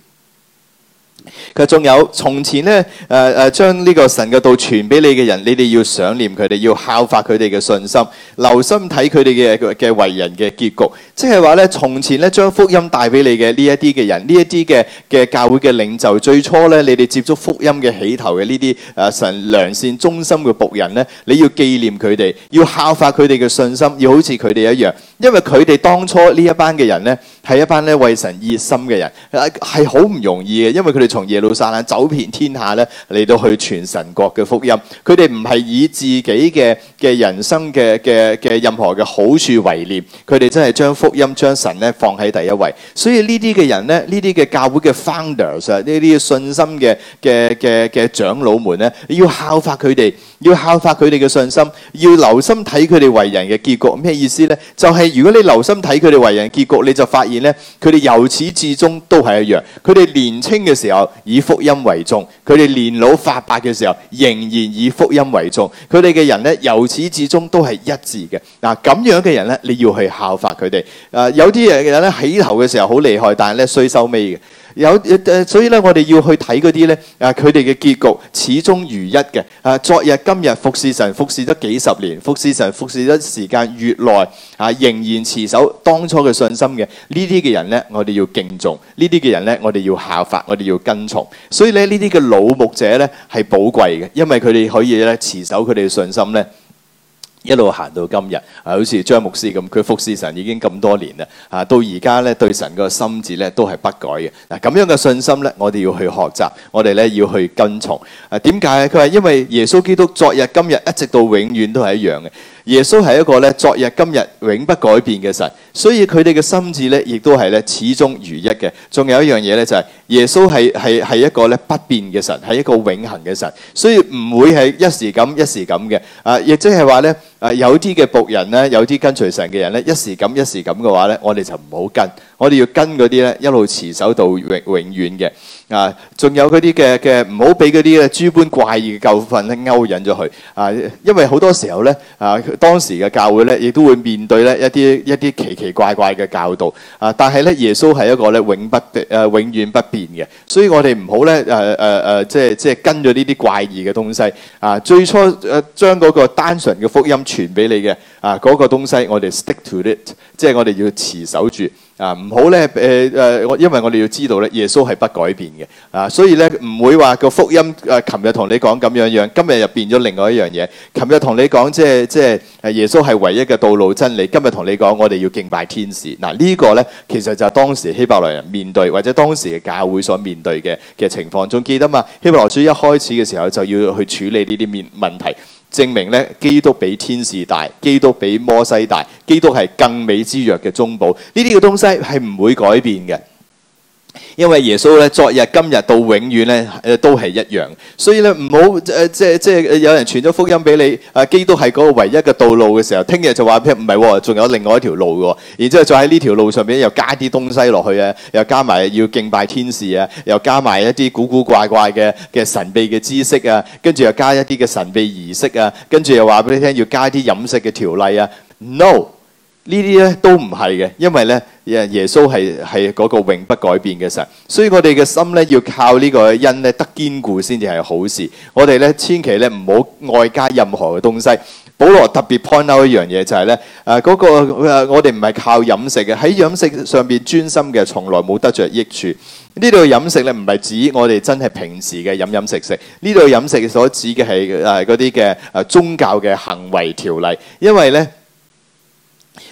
佢仲有從前咧，誒、呃、誒，將呢個神嘅道傳俾你嘅人，你哋要想念佢哋，要效法佢哋嘅信心，留心睇佢哋嘅嘅為人嘅結局。即係話咧，從前咧將福音帶俾你嘅呢一啲嘅人，呢一啲嘅嘅教會嘅領袖，最初咧你哋接觸福音嘅起頭嘅呢啲誒神良善忠心嘅僕人咧，你要紀念佢哋，要效法佢哋嘅信心，要好似佢哋一樣，因為佢哋當初呢一班嘅人咧係一班咧為神熱心嘅人，係好唔容易嘅，因為佢哋。從耶路撒冷走遍天下咧，嚟到去全神國嘅福音。佢哋唔係以自己嘅嘅人生嘅嘅嘅任何嘅好處為念，佢哋真係將福音將神咧放喺第一位。所以呢啲嘅人咧，呢啲嘅教會嘅 founders，呢啲信心嘅嘅嘅嘅長老們咧，要效法佢哋，要效法佢哋嘅信心，要留心睇佢哋為人嘅結局。咩意思咧？就係如果你留心睇佢哋為人結局，你就發現咧，佢哋由始至終都係一樣。佢哋年青嘅時候，以福音為重，佢哋年老髮白嘅時候，仍然以福音為重。佢哋嘅人呢，由始至終都係一致嘅。嗱，咁樣嘅人呢，你要去效法佢哋。啊、呃，有啲人其實呢起頭嘅時候好厲害，但係呢，衰收尾嘅。有誒，所以咧，我哋要去睇嗰啲咧，啊，佢哋嘅結局始終如一嘅。啊，昨日今日服侍神，服侍咗幾十年，服侍神服，服侍咗時間越耐，啊，仍然持守當初嘅信心嘅呢啲嘅人咧，我哋要敬重，呢啲嘅人咧，我哋要效法，我哋要跟從。所以咧，呢啲嘅老牧者咧係寶貴嘅，因為佢哋可以咧持守佢哋嘅信心咧。一路行到今日，啊，好似張牧師咁，佢服侍神已經咁多年啦，啊，到而家咧對神個心志咧都係不改嘅。嗱，咁樣嘅信心咧，我哋要去學習，我哋咧要去跟從。啊，點解啊？佢話因為耶穌基督昨日今日一直到永遠都係一樣嘅。耶穌係一個咧昨日今日永不改變嘅神，所以佢哋嘅心志咧亦都係咧始終如一嘅。仲有一樣嘢咧，就係耶穌係係係一個咧不變嘅神，係一個永恆嘅神，所以唔會係一時咁一時咁嘅。啊，亦即係話咧。啊，有啲嘅僕人咧，有啲跟隨神嘅人咧，一時咁，一時咁嘅話咧，我哋就唔好跟，我哋要跟嗰啲咧，一路持守到永永遠嘅。啊，仲有嗰啲嘅嘅，唔好俾嗰啲咧諸般怪異嘅教訓咧勾引咗佢。啊，因為好多時候咧，啊當時嘅教會咧，亦都會面對咧一啲一啲奇奇怪怪嘅教導。啊，但係咧，耶穌係一個咧永不誒永遠不變嘅，所以我哋唔好咧誒誒誒，即係即係跟咗呢啲怪異嘅東西。啊，最初誒將嗰個單純嘅福音，傳俾你嘅啊，嗰個東西我哋 stick to it，即係我哋要持守住啊，唔好咧誒誒，因為我哋要知道咧，耶穌係不改變嘅啊，所以咧唔會話個福音誒，琴日同你講咁樣樣，今日又變咗另外一樣嘢。琴日同你講即係即係耶穌係唯一嘅道路真理，今日同你講我哋要敬拜天使。嗱，呢個咧其實就係當時希伯來人面對或者當時嘅教會所面對嘅嘅情況。仲記得嘛？希伯來書一開始嘅時候就要去處理呢啲面問題。證明呢，基督比天使大，基督比摩西大，基督係更美之約嘅中保。呢啲嘅東西係唔會改變嘅。因為耶穌咧，昨日、今日到永遠咧，誒都係一樣。所以咧，唔好誒，即係即係有人傳咗福音俾你，阿基督係嗰個唯一嘅道路嘅時候，聽日就話咩唔係喎，仲有另外一條路嘅喎。然之後再喺呢條路上邊又加啲東西落去啊，又加埋要敬拜天使啊，又加埋一啲古古怪怪嘅嘅神秘嘅知識啊，跟住又加一啲嘅神秘儀式啊，跟住又話俾你聽要加啲飲食嘅條例啊，No。呢啲咧都唔係嘅，因為咧耶耶穌係係嗰個永不改變嘅神，所以我哋嘅心咧要靠呢個恩咧得堅固先至係好事。我哋咧千祈咧唔好外加任何嘅東西。保羅特別 point out 一樣嘢就係咧，誒嗰個誒我哋唔係靠飲食嘅喺飲食上邊專心嘅，從來冇得著益處。呢度飲食咧唔係指我哋真係平時嘅飲飲食食，呢度飲食所指嘅係誒嗰啲嘅誒宗教嘅行為條例，因為咧。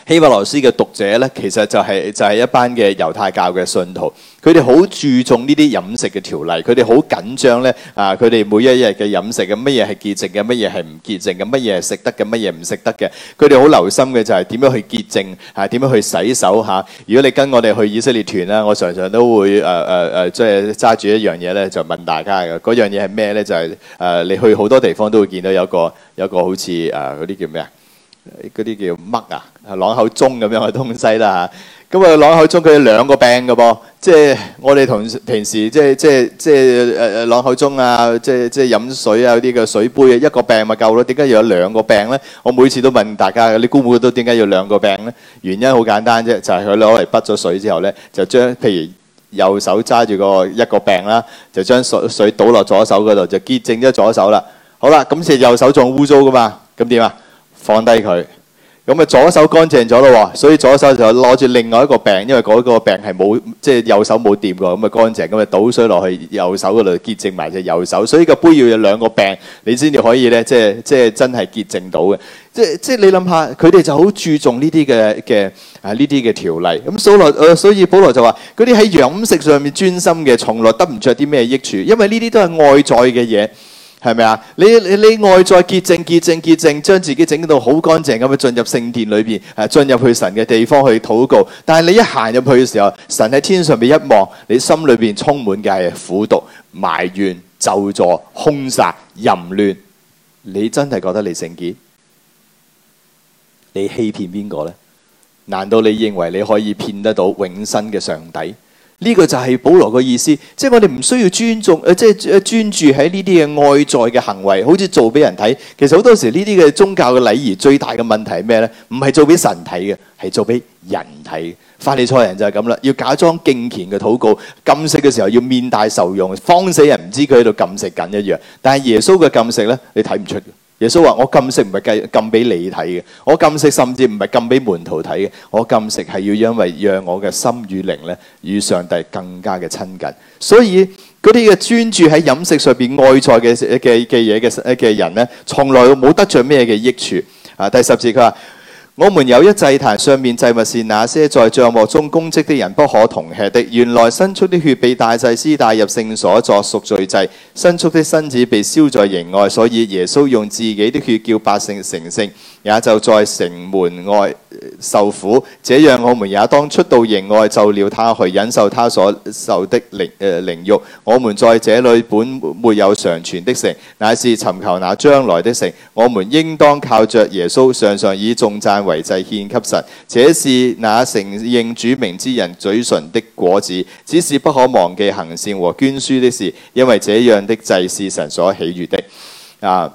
希伯來書嘅讀者呢，其實就係就係一班嘅猶太教嘅信徒，佢哋好注重呢啲飲食嘅條例，佢哋好緊張呢啊！佢哋每一日嘅飲食嘅乜嘢係潔淨嘅，乜嘢係唔潔淨嘅，乜嘢係食得嘅，乜嘢唔食得嘅，佢哋好留心嘅就係點樣去潔淨啊？點樣去洗手吓？如果你跟我哋去以色列團啦，我常常都會誒誒誒，即係揸住一樣嘢呢，就問大家嘅嗰樣嘢係咩呢？就係誒，你去好多地方都會見到有個有個好似誒嗰啲叫咩啊？嗰啲叫乜啊？朗口鐘咁樣嘅東西啦嚇，咁啊朗口鐘佢有兩個柄嘅噃，即係我哋同平時即係即係即係誒誒朗口鐘啊，即係即係飲水啊啲嘅水杯啊，一個柄咪夠咯，點解要有兩個柄咧？我每次都問大家，你估唔估到點解要兩個柄咧？原因好簡單啫，就係佢攞嚟筆咗水之後咧，就將譬如右手揸住個一個柄啦，就將水水倒落左手嗰度，就潔淨咗左手啦。好啦，咁即係右手仲污糟噶嘛，咁點啊？放低佢，咁啊左手乾淨咗咯，所以左手就攞住另外一個柄，因為嗰個柄係冇即係右手冇掂過，咁啊乾淨，咁啊倒水落去右手嗰度潔淨埋隻右手，所以個杯要有兩個柄，你先至可以咧，即係即係真係潔淨到嘅。即係即係你諗下，佢哋就好注重呢啲嘅嘅啊呢啲嘅條例。咁所來，呃，所以保羅就話：嗰啲喺飲食上面專心嘅，從來得唔著啲咩益處，因為呢啲都係外在嘅嘢。係咪啊？你你外在潔淨、潔淨、潔淨，將自己整到好乾淨咁樣進入聖殿裏邊，誒，進入去神嘅地方去禱告。但係你一行入去嘅時候，神喺天上邊一望，你心裏邊充滿嘅係苦毒、埋怨、咒詛、兇殺、淫亂。你真係覺得你聖潔？你欺騙邊個咧？難道你認為你可以騙得到永生嘅上帝？呢個就係保羅個意思，即係我哋唔需要尊重，誒即係誒專注喺呢啲嘅外在嘅行為，好似做俾人睇。其實好多時呢啲嘅宗教嘅禮儀，最大嘅問題係咩咧？唔係做俾神睇嘅，係做俾人睇。法利賽人就係咁啦，要假裝敬虔嘅禱告，禁食嘅時候要面帶愁容，方死人唔知佢喺度禁食緊一樣。但係耶穌嘅禁食咧，你睇唔出。耶穌話：我禁食唔係計禁俾你睇嘅，我禁食甚至唔係禁俾門徒睇嘅，我禁食係要因為讓我嘅心與靈咧與上帝更加嘅親近。所以嗰啲嘅專注喺飲食上邊外在嘅嘅嘅嘢嘅嘅人咧，從來冇得著咩嘅益處。啊，第十節佢話。我們有一祭壇，上面祭物是那些在帳幕中供職的人不可同吃的。原來伸出的血被大祭司帶入聖所作贖罪祭，伸出的身子被燒在營外。所以耶穌用自己的血叫百姓成聖。也就在城門外受苦，這樣我們也當出到營外，就了他去忍受他所受的凌誒凌、呃、辱。我們在這裏本沒有常存的城，乃是尋求那將來的城。我們應當靠着耶穌，常常以頌讚為祭獻給神，這是那承認主名之人嘴唇的果子。只是不可忘記行善和捐輸的事，因為這樣的祭是神所喜悅的。啊！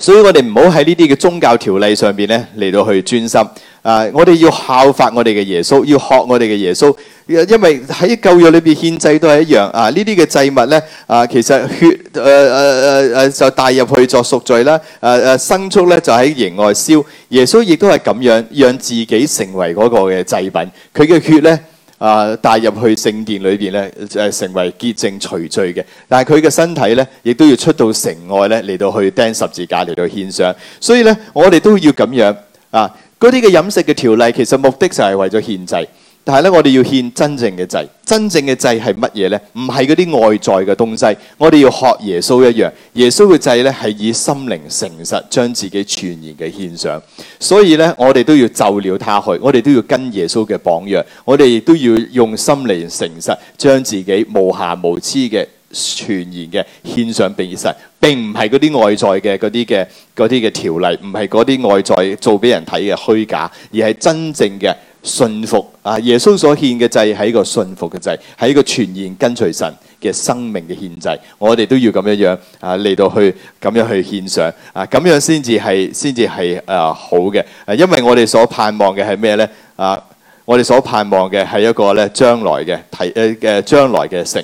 所以我哋唔好喺呢啲嘅宗教條例上邊咧，嚟到去專心啊！Uh, 我哋要效法我哋嘅耶穌，要學我哋嘅耶穌，因為喺舊約裏邊獻祭都係一樣，啊！呢啲嘅祭物咧啊，其實血誒誒誒誒就帶入去作贖罪啦。誒、啊、誒、uh, 牲畜咧就喺營外燒。耶穌亦都係咁樣，讓自己成為嗰個嘅祭品。佢嘅血咧。啊！帶入去聖殿裏邊咧，誒成為潔淨除罪嘅。但係佢嘅身體呢，亦都要出到城外咧，嚟到去釘十字架，嚟到獻上。所以咧，我哋都要咁樣啊！嗰啲嘅飲食嘅條例，其實目的就係為咗獻祭。但係咧，我哋要獻真正嘅祭，真正嘅祭係乜嘢呢？唔係嗰啲外在嘅東西，我哋要學耶穌一樣，耶穌嘅祭呢係以心靈誠實將自己全然嘅獻上，所以呢，我哋都要就了他去，我哋都要跟耶穌嘅榜樣，我哋亦都要用心靈誠實將自己無瑕無疵嘅全然嘅獻上畀神並唔係嗰啲外在嘅嗰啲嘅嗰啲嘅條例，唔係嗰啲外在做俾人睇嘅虛假，而係真正嘅信服啊！耶穌所獻嘅祭係一個信服嘅祭，係一個全然跟隨神嘅生命嘅獻祭。我哋都要咁樣樣啊嚟到去咁樣去獻上啊，咁樣先至係先至係啊好嘅啊，因為我哋所盼望嘅係咩呢？啊？我哋所盼望嘅係一個咧將來嘅提誒嘅、啊、將來嘅城。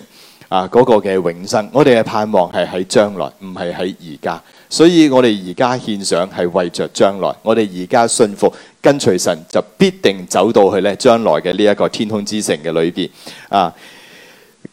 啊！嗰個嘅永生，我哋嘅盼望係喺將來，唔係喺而家。所以我哋而家獻上係為着將來，我哋而家信服跟隨神，就必定走到去咧將來嘅呢一個天空之城嘅裏邊啊！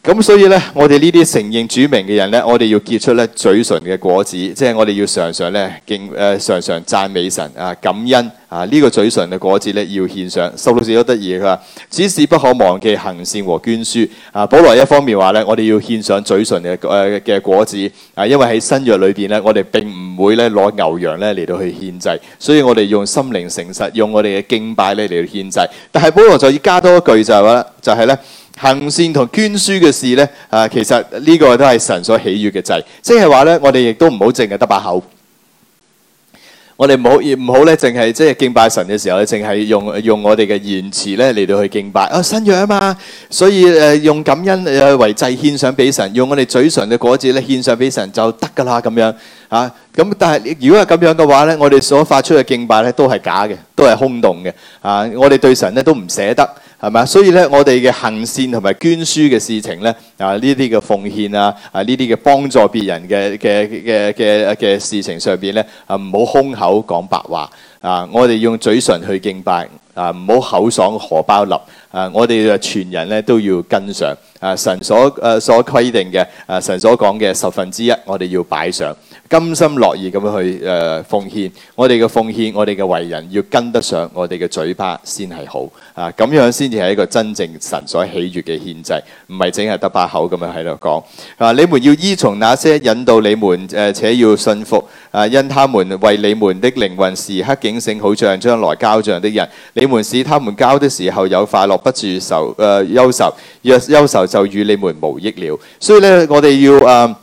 咁所以呢，我哋呢啲承認主名嘅人呢，我哋要結出咧嘴唇嘅果子，即係我哋要常常呢，敬誒，常常讚美神啊，感恩啊，呢、這個嘴唇嘅果子呢，要獻上。收到師都得意，佢話只是不可忘記行善和捐輸啊。保羅一方面話呢，我哋要獻上嘴唇嘅誒嘅果子啊，因為喺新約裏邊呢，我哋並唔會呢攞牛羊呢嚟到去獻祭，所以我哋用心靈誠實，用我哋嘅敬拜呢嚟到獻祭。但係保羅要加多一句就係、是、話，就係、是、呢。就是呢行善同捐書嘅事咧，啊，其實呢個都係神所喜悅嘅祭，即係話咧，我哋亦都唔好淨係得把口，我哋唔好亦唔好咧，淨係即係敬拜神嘅時候咧，淨係用用我哋嘅言辭咧嚟到去敬拜，啊，新約啊嘛，所以誒、呃、用感恩嘅為祭獻上俾神，用我哋嘴唇嘅果子咧獻上俾神就得㗎啦咁樣，啊，咁但係如果係咁樣嘅話咧，我哋所發出嘅敬拜咧都係假嘅，都係空洞嘅，啊，我哋對神咧都唔捨得。係咪所以咧，我哋嘅行善同埋捐輸嘅事情咧，啊呢啲嘅奉獻啊，啊呢啲嘅幫助別人嘅嘅嘅嘅嘅事情上邊咧，啊唔好空口講白話啊！我哋用嘴唇去敬拜啊，唔好口爽荷包立啊！我哋嘅全人咧都要跟上啊，神所誒、啊、所規定嘅啊，神所講嘅十分之一，我哋要擺上。甘心樂意咁樣去誒奉獻，我哋嘅奉獻，我哋嘅為人要跟得上我哋嘅嘴巴先係好啊，咁樣先至係一個真正神所喜悦嘅獻祭，唔係淨係得把口咁樣喺度講啊！你們要依從那些引導你們誒、呃，且要信服啊，因他們為你們的靈魂時刻警醒，好像將來交賬的人。你們使他們交的時候有快樂，不致愁誒憂愁，若、呃、憂愁，愁，愁，愁，愁就與你們無益了。所以呢，我哋要啊。呃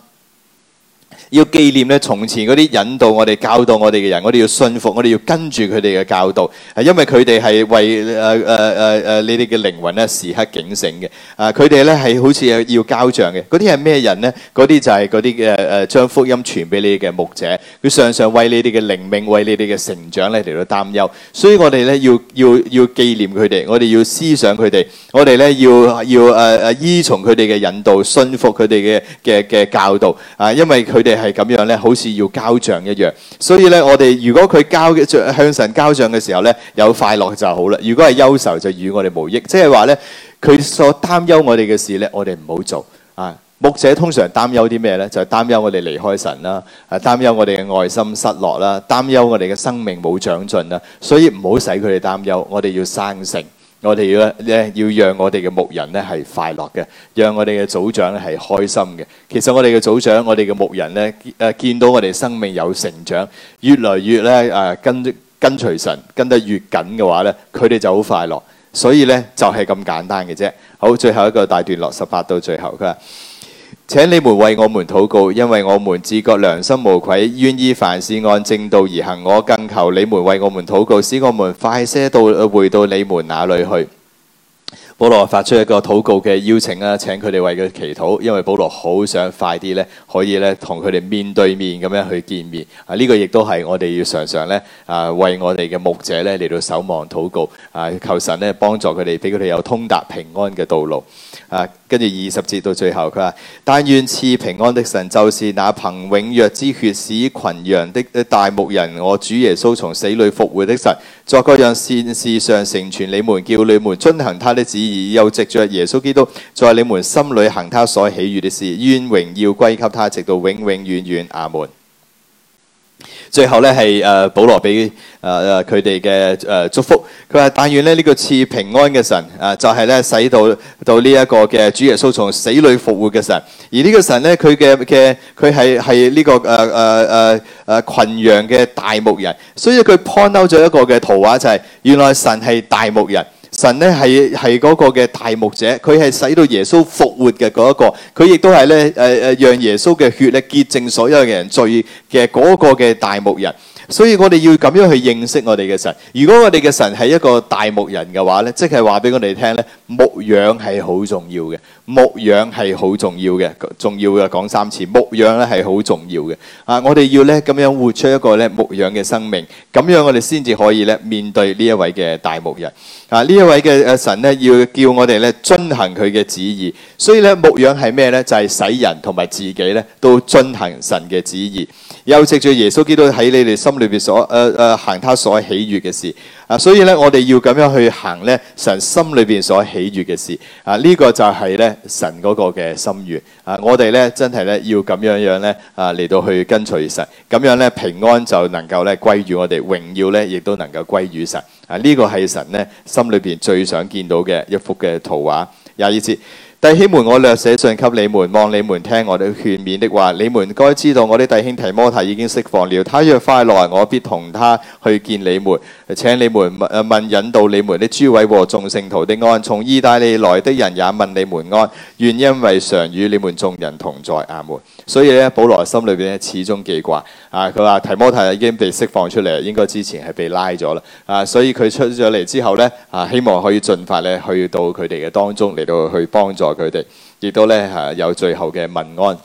要紀念咧，從前嗰啲引導我哋、教導我哋嘅人，我哋要信服，我哋要跟住佢哋嘅教導。係因為佢哋係為誒誒誒誒你哋嘅靈魂咧，時刻警醒嘅。啊，佢哋咧係好似要交帳嘅。嗰啲係咩人咧？嗰啲就係嗰啲嘅誒將福音傳俾你嘅牧者。佢常常為你哋嘅靈命、為你哋嘅成長咧，嚟到擔憂。所以我哋咧要要要紀念佢哋，我哋要思想佢哋，我哋咧要要誒誒依從佢哋嘅引導，信服佢哋嘅嘅嘅教導。啊，因為佢哋。係咁樣咧，好似要交賬一樣，所以咧，我哋如果佢交向神交賬嘅時候咧，有快樂就好啦。如果係憂愁，就與我哋無益。即係話咧，佢所擔憂我哋嘅事咧，我哋唔好做啊。牧者通常擔憂啲咩咧？就係擔憂我哋離開神啦，擔憂我哋嘅愛心失落啦，擔憂我哋嘅生命冇長進啦。所以唔好使佢哋擔憂，我哋要生性。我哋要咧，要讓我哋嘅牧人咧係快樂嘅，讓我哋嘅組長咧係開心嘅。其實我哋嘅組長、我哋嘅牧人咧，誒見到我哋生命有成長，越嚟越咧誒、呃、跟跟隨神跟得越緊嘅話咧，佢哋就好快樂。所以咧就係、是、咁簡單嘅啫。好，最後一個大段落十八到最後，佢話。請你們為我們禱告，因為我們自覺良心無愧，願意凡事按正道而行。我更求你們為我們禱告，使我們快些到回到你們那裏去。保羅發出一個禱告嘅邀請啊，請佢哋為佢祈禱，因為保羅好想快啲咧，可以咧同佢哋面對面咁樣去見面。啊，呢個亦都係我哋要常常咧啊，為我哋嘅牧者咧嚟到守望禱告啊，求神咧幫助佢哋，俾佢哋有通達平安嘅道路啊。跟住二十節到最後，佢話：但願賜平安的神，就是那憑永約之血使群羊的大牧人，我主耶穌從死裏復活的神，作個讓善事上成全你們，叫你們遵行他的旨意，又藉著耶穌基督，在你們心裏行他所喜悅的事，願榮耀歸給他，直到永永遠遠。阿門。最後咧係誒保羅俾誒誒佢哋嘅誒祝福，佢話但願咧呢、這個賜平安嘅神誒、呃、就係、是、咧使到到呢一個嘅主耶穌從死裏復活嘅神，而呢個神咧佢嘅嘅佢係係呢、這個誒誒誒誒群羊嘅大牧人，所以佢 point out 咗一個嘅圖畫就係、是、原來神係大牧人。神咧係係嗰個嘅大牧者，佢係使到耶穌復活嘅嗰一個，佢亦都係咧誒誒，讓耶穌嘅血力潔淨所有嘅人罪嘅嗰個嘅大牧人。所以我哋要咁樣去認識我哋嘅神。如果我哋嘅神係一個大牧人嘅話呢，即係話俾我哋聽呢，牧養係好重要嘅，牧養係好重要嘅，重要嘅講三次，牧養呢係好重要嘅。啊，我哋要呢咁樣活出一個呢牧養嘅生命，咁樣我哋先至可以呢面對呢一位嘅大牧人。啊，呢一位嘅神呢要叫我哋呢遵行佢嘅旨意。所以呢牧養係咩呢？就係使人同埋自己呢都遵行神嘅旨意。又藉住耶穌基督喺你哋心裏邊所，誒、呃、誒、呃，行他所喜悅嘅事。啊，所以咧，我哋要咁樣去行咧，神心裏邊所喜悅嘅事。啊，呢、這個就係咧，神嗰個嘅心願。啊，我哋咧真係咧要咁樣樣咧，啊，嚟到去跟隨神，咁樣咧平安就能夠咧歸於我哋，榮耀咧亦都能夠歸於神。啊，這個、呢個係神咧心裏邊最想見到嘅一幅嘅圖畫。廿二節。弟兄們，我略寫信給你們，望你們聽我哋勸勉的話。你們該知道，我啲弟兄提摩太已經釋放了。他若快來，我必同他去見你們。請你們問，問引導你們的諸位和眾聖徒的安。從意大利來的人也問你們安，願因為常與你們眾人同在，阿門。所以咧，保羅心裏邊咧始終記掛啊。佢話提摩太已經被釋放出嚟，應該之前係被拉咗啦啊。所以佢出咗嚟之後呢，啊，希望可以盡快咧去到佢哋嘅當中嚟到去幫助佢哋，亦都咧啊有最後嘅問安。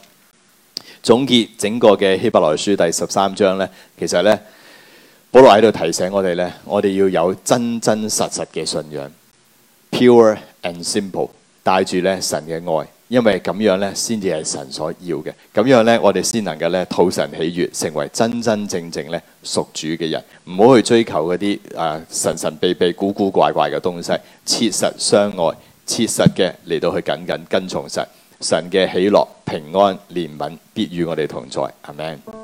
總結整個嘅希伯來書第十三章呢，其實呢。保羅喺度提醒我哋呢，我哋要有真真實實嘅信仰，pure and simple，帶住呢神嘅愛，因為咁樣呢先至係神所要嘅，咁樣呢，我哋先能夠呢討神喜悅，成為真真正正呢屬主嘅人，唔好去追求嗰啲啊神神秘秘、古古怪怪嘅東西，切實相愛，切實嘅嚟到去緊緊跟從神，神嘅喜樂、平安、憐憫必與我哋同在，阿門。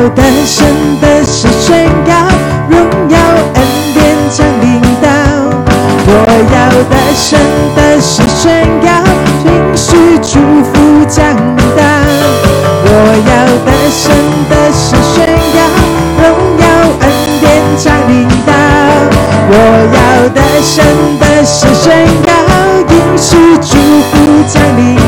我要大聲的宣告，榮耀恩典降臨到。我要大聲的宣告，應許祝福降臨到。我要大聲的宣告，榮耀恩典降臨到。我要大聲的宣告，應許祝福降臨。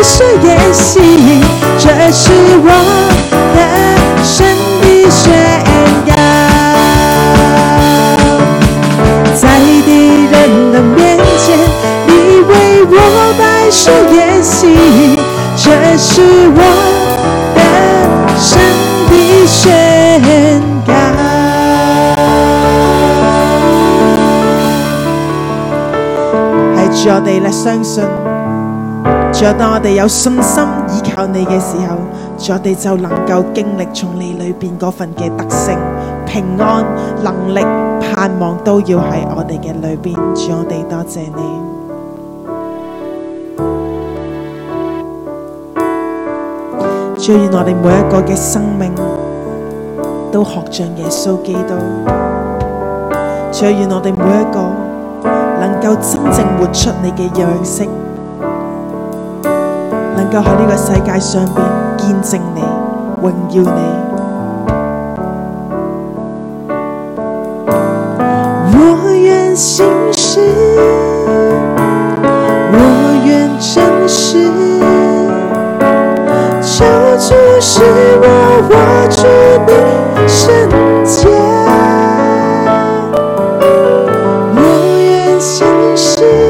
你是筵席，這是我的神的宣告。在敵人的面前，你為我擺設筵席，這是我的神的宣告。喺我哋咧相信。 <noise> <noise> 在當我哋有信心倚靠你嘅時候，我哋就能夠經歷從你裏邊嗰份嘅得勝，平安、能力、盼望，都要喺我哋嘅裏邊。主，我哋多謝你。主，願我哋每一個嘅生命都學像耶穌基督。主，願我哋每一個能夠真正活出你嘅樣式。能夠喺呢個世界上邊見證你，榮耀你。 <music> 我願信實，我願真實，求主是我握住你瞬間。我願信實。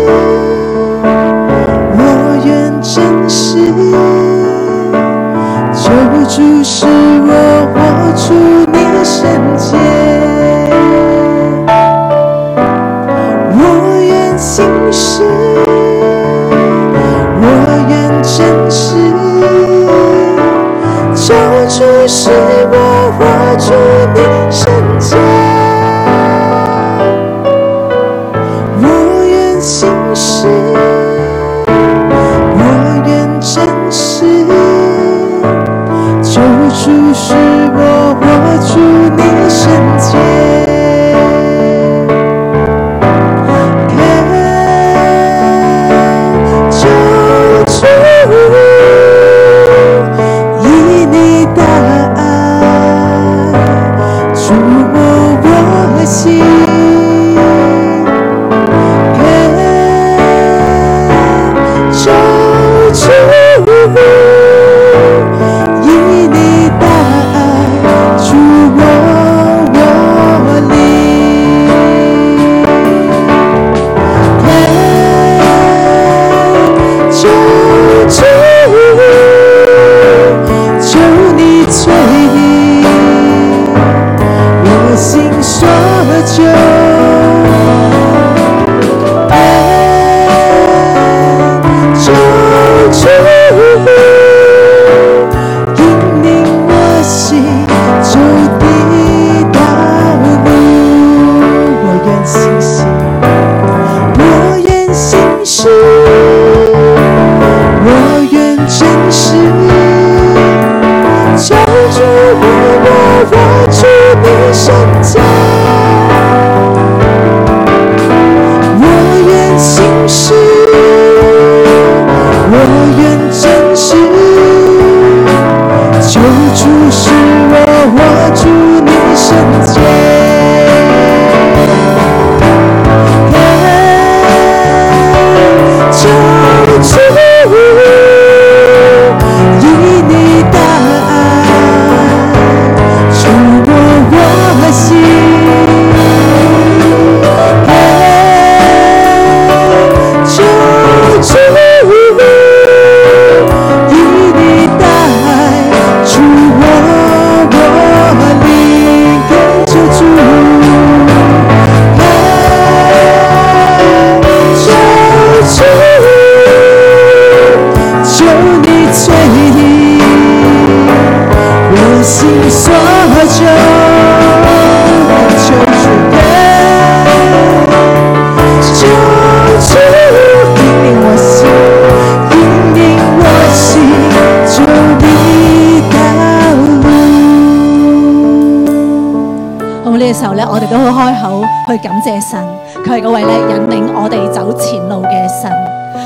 都去開口去感謝神，佢係嗰位咧引領我哋走前路嘅神，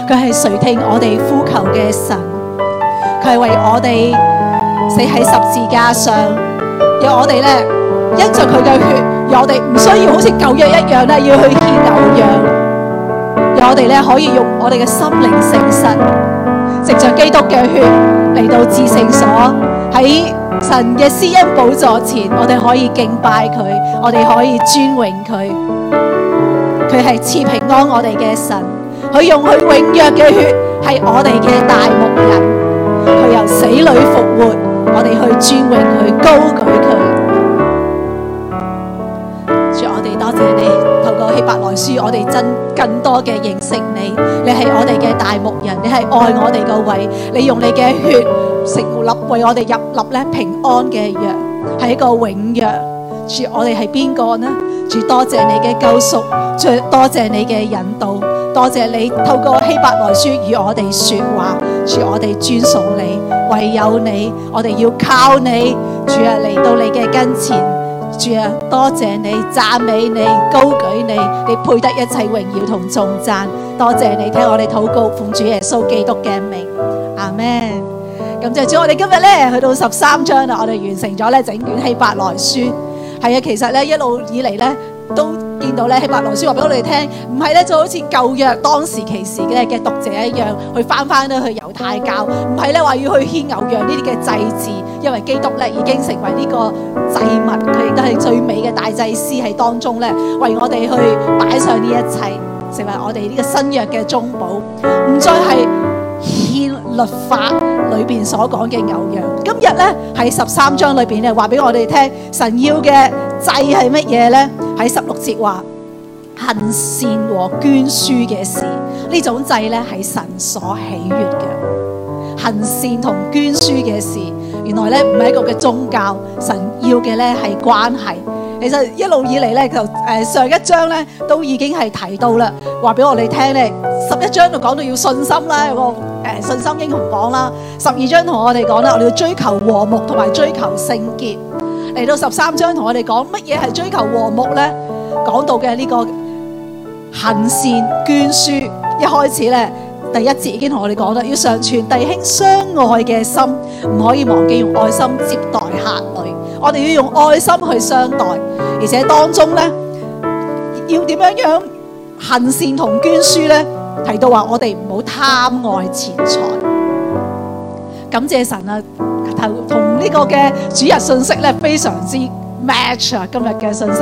佢係垂聽我哋呼求嘅神，佢係為我哋死喺十字架上，有我哋咧因着佢嘅血，讓我哋唔需要好似舊約一樣咧要去獻牛羊，有我哋咧可以用我哋嘅心靈誠實，食着基督嘅血嚟到至聖所喺。神嘅施恩寶座前，我哋可以敬拜佢，我哋可以尊榮佢。佢係賜平安我哋嘅神，佢用佢永約嘅血，係我哋嘅大牧人。佢由死裏復活，我哋去尊榮佢，高舉佢。主，我哋多謝你，透過希伯來書，我哋增更多嘅認識你。你係我哋嘅大牧人，你係愛我哋個位，你用你嘅血。食粒為我哋入粒咧平安嘅約，係一個永約。主，我哋係邊個呢？主，多謝你嘅救贖，主，多謝你嘅引導，多謝你透過希伯來書與我哋說話，主，我哋尊崇你，唯有你，我哋要靠你。主啊，嚟到你嘅跟前，主啊，多謝你，讚美你，高舉你，你配得一切榮耀同頌讚。多謝你聽我哋禱告，奉主耶穌基督嘅名，阿門。咁即係，我哋今日咧去到十三章啦，我哋完成咗咧整卷希伯來書。係啊，其實咧一路以嚟咧都見到咧希伯來書話俾我哋聽，唔係咧就好似舊約當時其時嘅嘅讀者一樣去翻翻咧去猶太教，唔係咧話要去獻牛羊呢啲嘅祭祀，因為基督咧已經成為呢個祭物，佢亦都係最美嘅大祭司喺當中咧，為我哋去擺上呢一切，成為我哋呢個新約嘅中保，唔再係。《獻律法》裏邊所講嘅牛羊，今呢，今日咧係十三章裏邊咧話俾我哋聽，神要嘅祭係乜嘢咧？喺十六節話行善和捐輸嘅事，呢種祭咧係神所喜悅嘅。行善同捐輸嘅事，原來咧唔係一個嘅宗教，神要嘅咧係關係。其實一路以嚟咧就誒上一章咧都已經係提到啦，話俾我哋聽咧十一章就講到要信心啦。有信心英雄榜啦，十二章同我哋講啦，我哋要追求和睦同埋追求聖潔。嚟到十三章同我哋講乜嘢係追求和睦呢？講到嘅呢個行善捐書，一開始呢第一節已經同我哋講啦，要上傳弟兄相愛嘅心，唔可以忘記用愛心接待客旅。我哋要用愛心去相待，而且當中呢要點樣樣行善同捐書呢？提到話我哋唔好貪愛錢財，感謝神啊！同同呢個嘅主日信息咧非常之 match 啊！今日嘅信息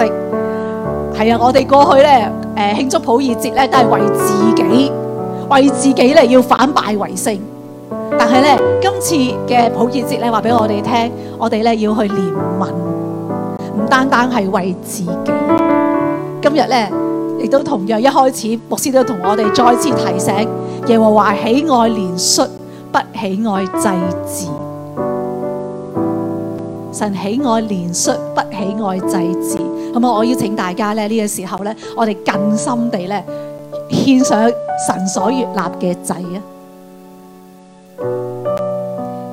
係啊，我哋過去咧誒慶祝普珥節咧都係為自己，為自己咧要反敗為勝。但係咧今次嘅普珥節咧話俾我哋聽，我哋咧要去憐憫，唔單單係為自己。今日咧。亦都同樣一開始，牧師都同我哋再次提醒：耶和華喜愛憐恤，不喜愛祭祀。神喜愛憐恤，不喜愛祭祀。咁啊，我邀請大家呢，呢、這個時候呢，我哋更深地呢獻上神所悅納嘅祭啊！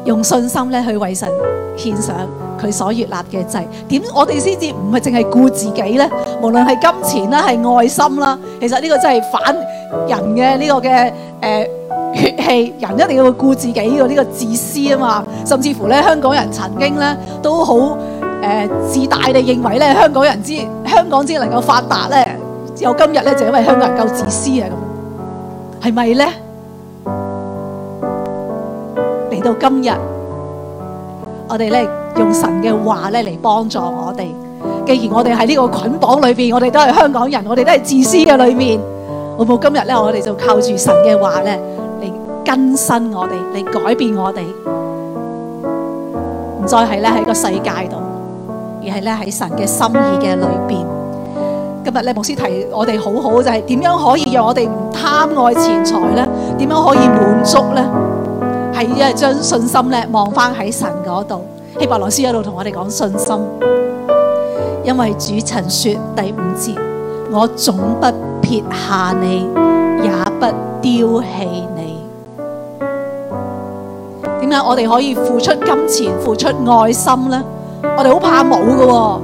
用信心咧去為神獻上佢所悅納嘅祭，點我哋先至唔係淨係顧自己咧？無論係金錢啦，係愛心啦，其實呢個真係反人嘅呢、呢個嘅誒、呃、血氣，人一定要顧自己嘅、呢、呢、個呢個自私啊嘛！甚至乎咧，香港人曾經咧都好誒、呃、自大地認為咧，香港人之香港之能夠發達咧，有今日咧就是、因為香港人夠自私啊！咁係咪咧？今日我哋咧用神嘅話咧嚟幫助我哋。既然我哋喺呢個捆綁裏邊，我哋都係香港人，我哋都係自私嘅裏面，好冇？今日咧我哋就靠住神嘅話咧嚟更新我哋，嚟改變我哋，唔再係咧喺個世界度，而係咧喺神嘅心意嘅裏邊。今日咧牧師提我哋好好就係點樣可以讓我哋唔貪愛錢財咧？點樣可以滿足咧？係呀，將信心咧望翻喺神嗰度，希伯羅斯一路同我哋講信心，因為主曾說第五節：我總不撇下你，也不丟棄你。點解我哋可以付出金錢、付出愛心咧？我哋好怕冇噶、哦，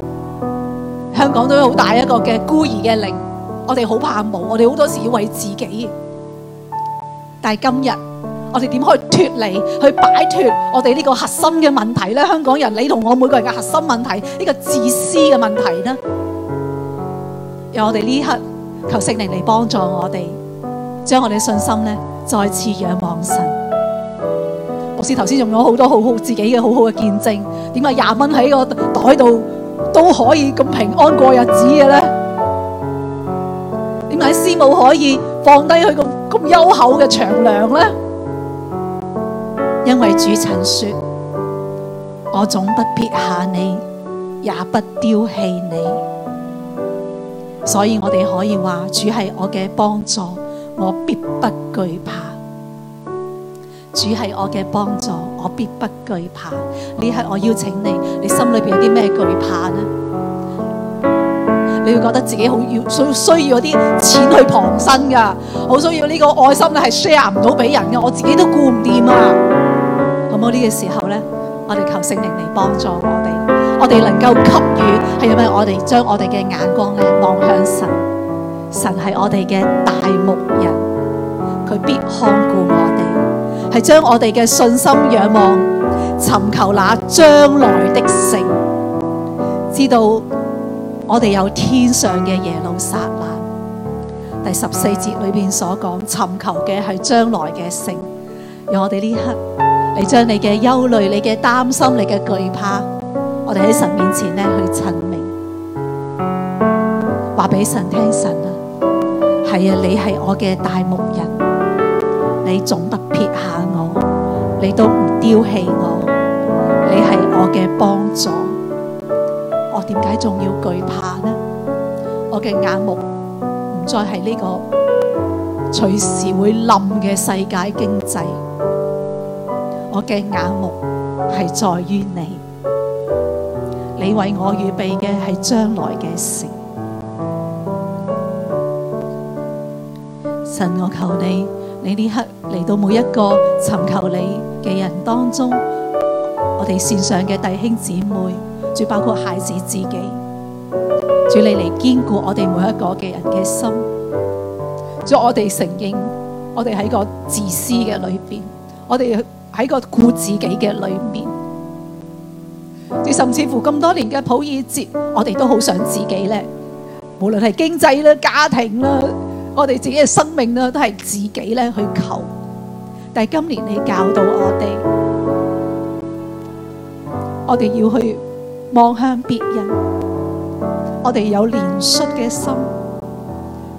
香港都有好大一個嘅孤兒嘅靈，我哋好怕冇，我哋好多時要為自己，但係今日。我哋點可以脫離，去擺脫我哋呢個核心嘅問題咧？香港人，你同我每個人嘅核心問題，呢、呢個自私嘅問題呢？由我哋呢刻求聖靈嚟幫助我哋，將我哋嘅信心咧再次仰望神。老師頭先用咗好多好好自己嘅好好嘅見證，點解廿蚊喺個袋度都可以咁平安過日子嘅咧？點解師母可以放低佢咁咁優厚嘅長糧咧？因為主曾說，我總不撇下你，也不丟棄你，所以我哋可以話，主係我嘅幫助，我必不懼怕。主係我嘅幫助，我必不懼怕。呢刻我邀請你，你心裏邊有啲咩懼怕呢？你會覺得自己好要需要啲錢去傍身噶，好需要呢個愛心咧係 share 唔到俾人噶，我自己都顧唔掂啊！呢個時候咧，我哋求聖靈嚟幫助我哋，我哋能夠給予係因為我哋將我哋嘅眼光咧望向神，神係我哋嘅大牧人，佢必看顧我哋，係將我哋嘅信心仰望，尋求那將來的城，知道我哋有天上嘅耶路撒冷。第十四節裏邊所講，尋求嘅係將來嘅城，有我哋呢刻。你將你嘅憂慮、你嘅擔心、你嘅懼怕，我哋喺神面前去陳明，話俾神聽。神啊，係啊，你係我嘅大牧人，你總不撇下我，你都唔丟棄我，你係我嘅幫助。我點解仲要懼怕呢？我嘅眼目唔再係呢個隨時會冧嘅世界經濟。我嘅眼目係在於你，你為我預備嘅係將來嘅事。神，我求你，你呢刻嚟到每一個尋求你嘅人當中，我哋線上嘅弟兄姊妹，仲包括孩子自己，主你嚟堅固我哋每一個嘅人嘅心，作我哋承認，我哋喺個自私嘅裏邊，我哋。喺個顧自己嘅裏面，甚至乎咁多年嘅普爾節，我哋都好想自己咧。無論係經濟啦、家庭啦、我哋自己嘅生命啦，都係自己咧去求。但係今年你教導我哋，我哋要去望向別人，我哋有憐恤嘅心。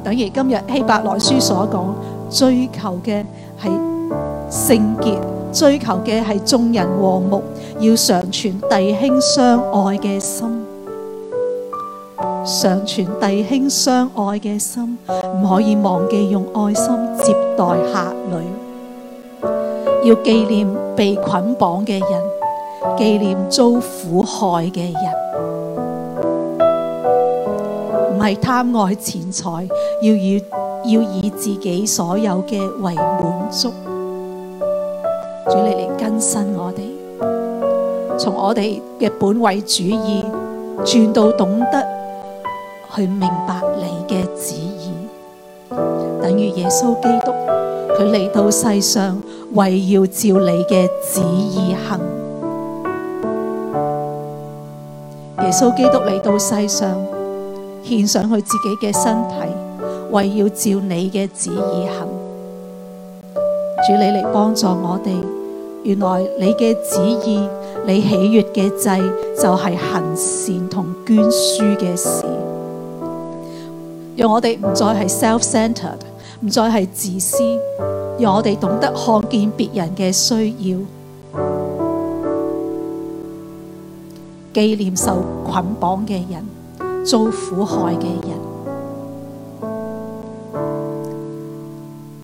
等於今日希伯來書所講，追求嘅係聖潔。追求嘅係眾人和睦，要常存弟兄相愛嘅心，常存弟兄相愛嘅心，唔可以忘記用愛心接待客旅，要紀念被捆綁嘅人，紀念遭苦害嘅人，唔係貪愛錢財，要以要以自己所有嘅為滿足。主你嚟更新我哋，從我哋嘅本位主義轉到懂得去明白你嘅旨意，等於耶穌基督，佢嚟到世上，為要照你嘅旨意行。耶穌基督嚟到世上，獻上佢自己嘅身體，為要照你嘅旨意行。主你嚟幫助我哋。原來你嘅旨意，你喜悅嘅祭就係行善同捐輸嘅事，讓我哋唔再係 self-centered，唔再係自私，讓我哋懂得看見別人嘅需要，紀念受捆綁嘅人，遭苦害嘅人，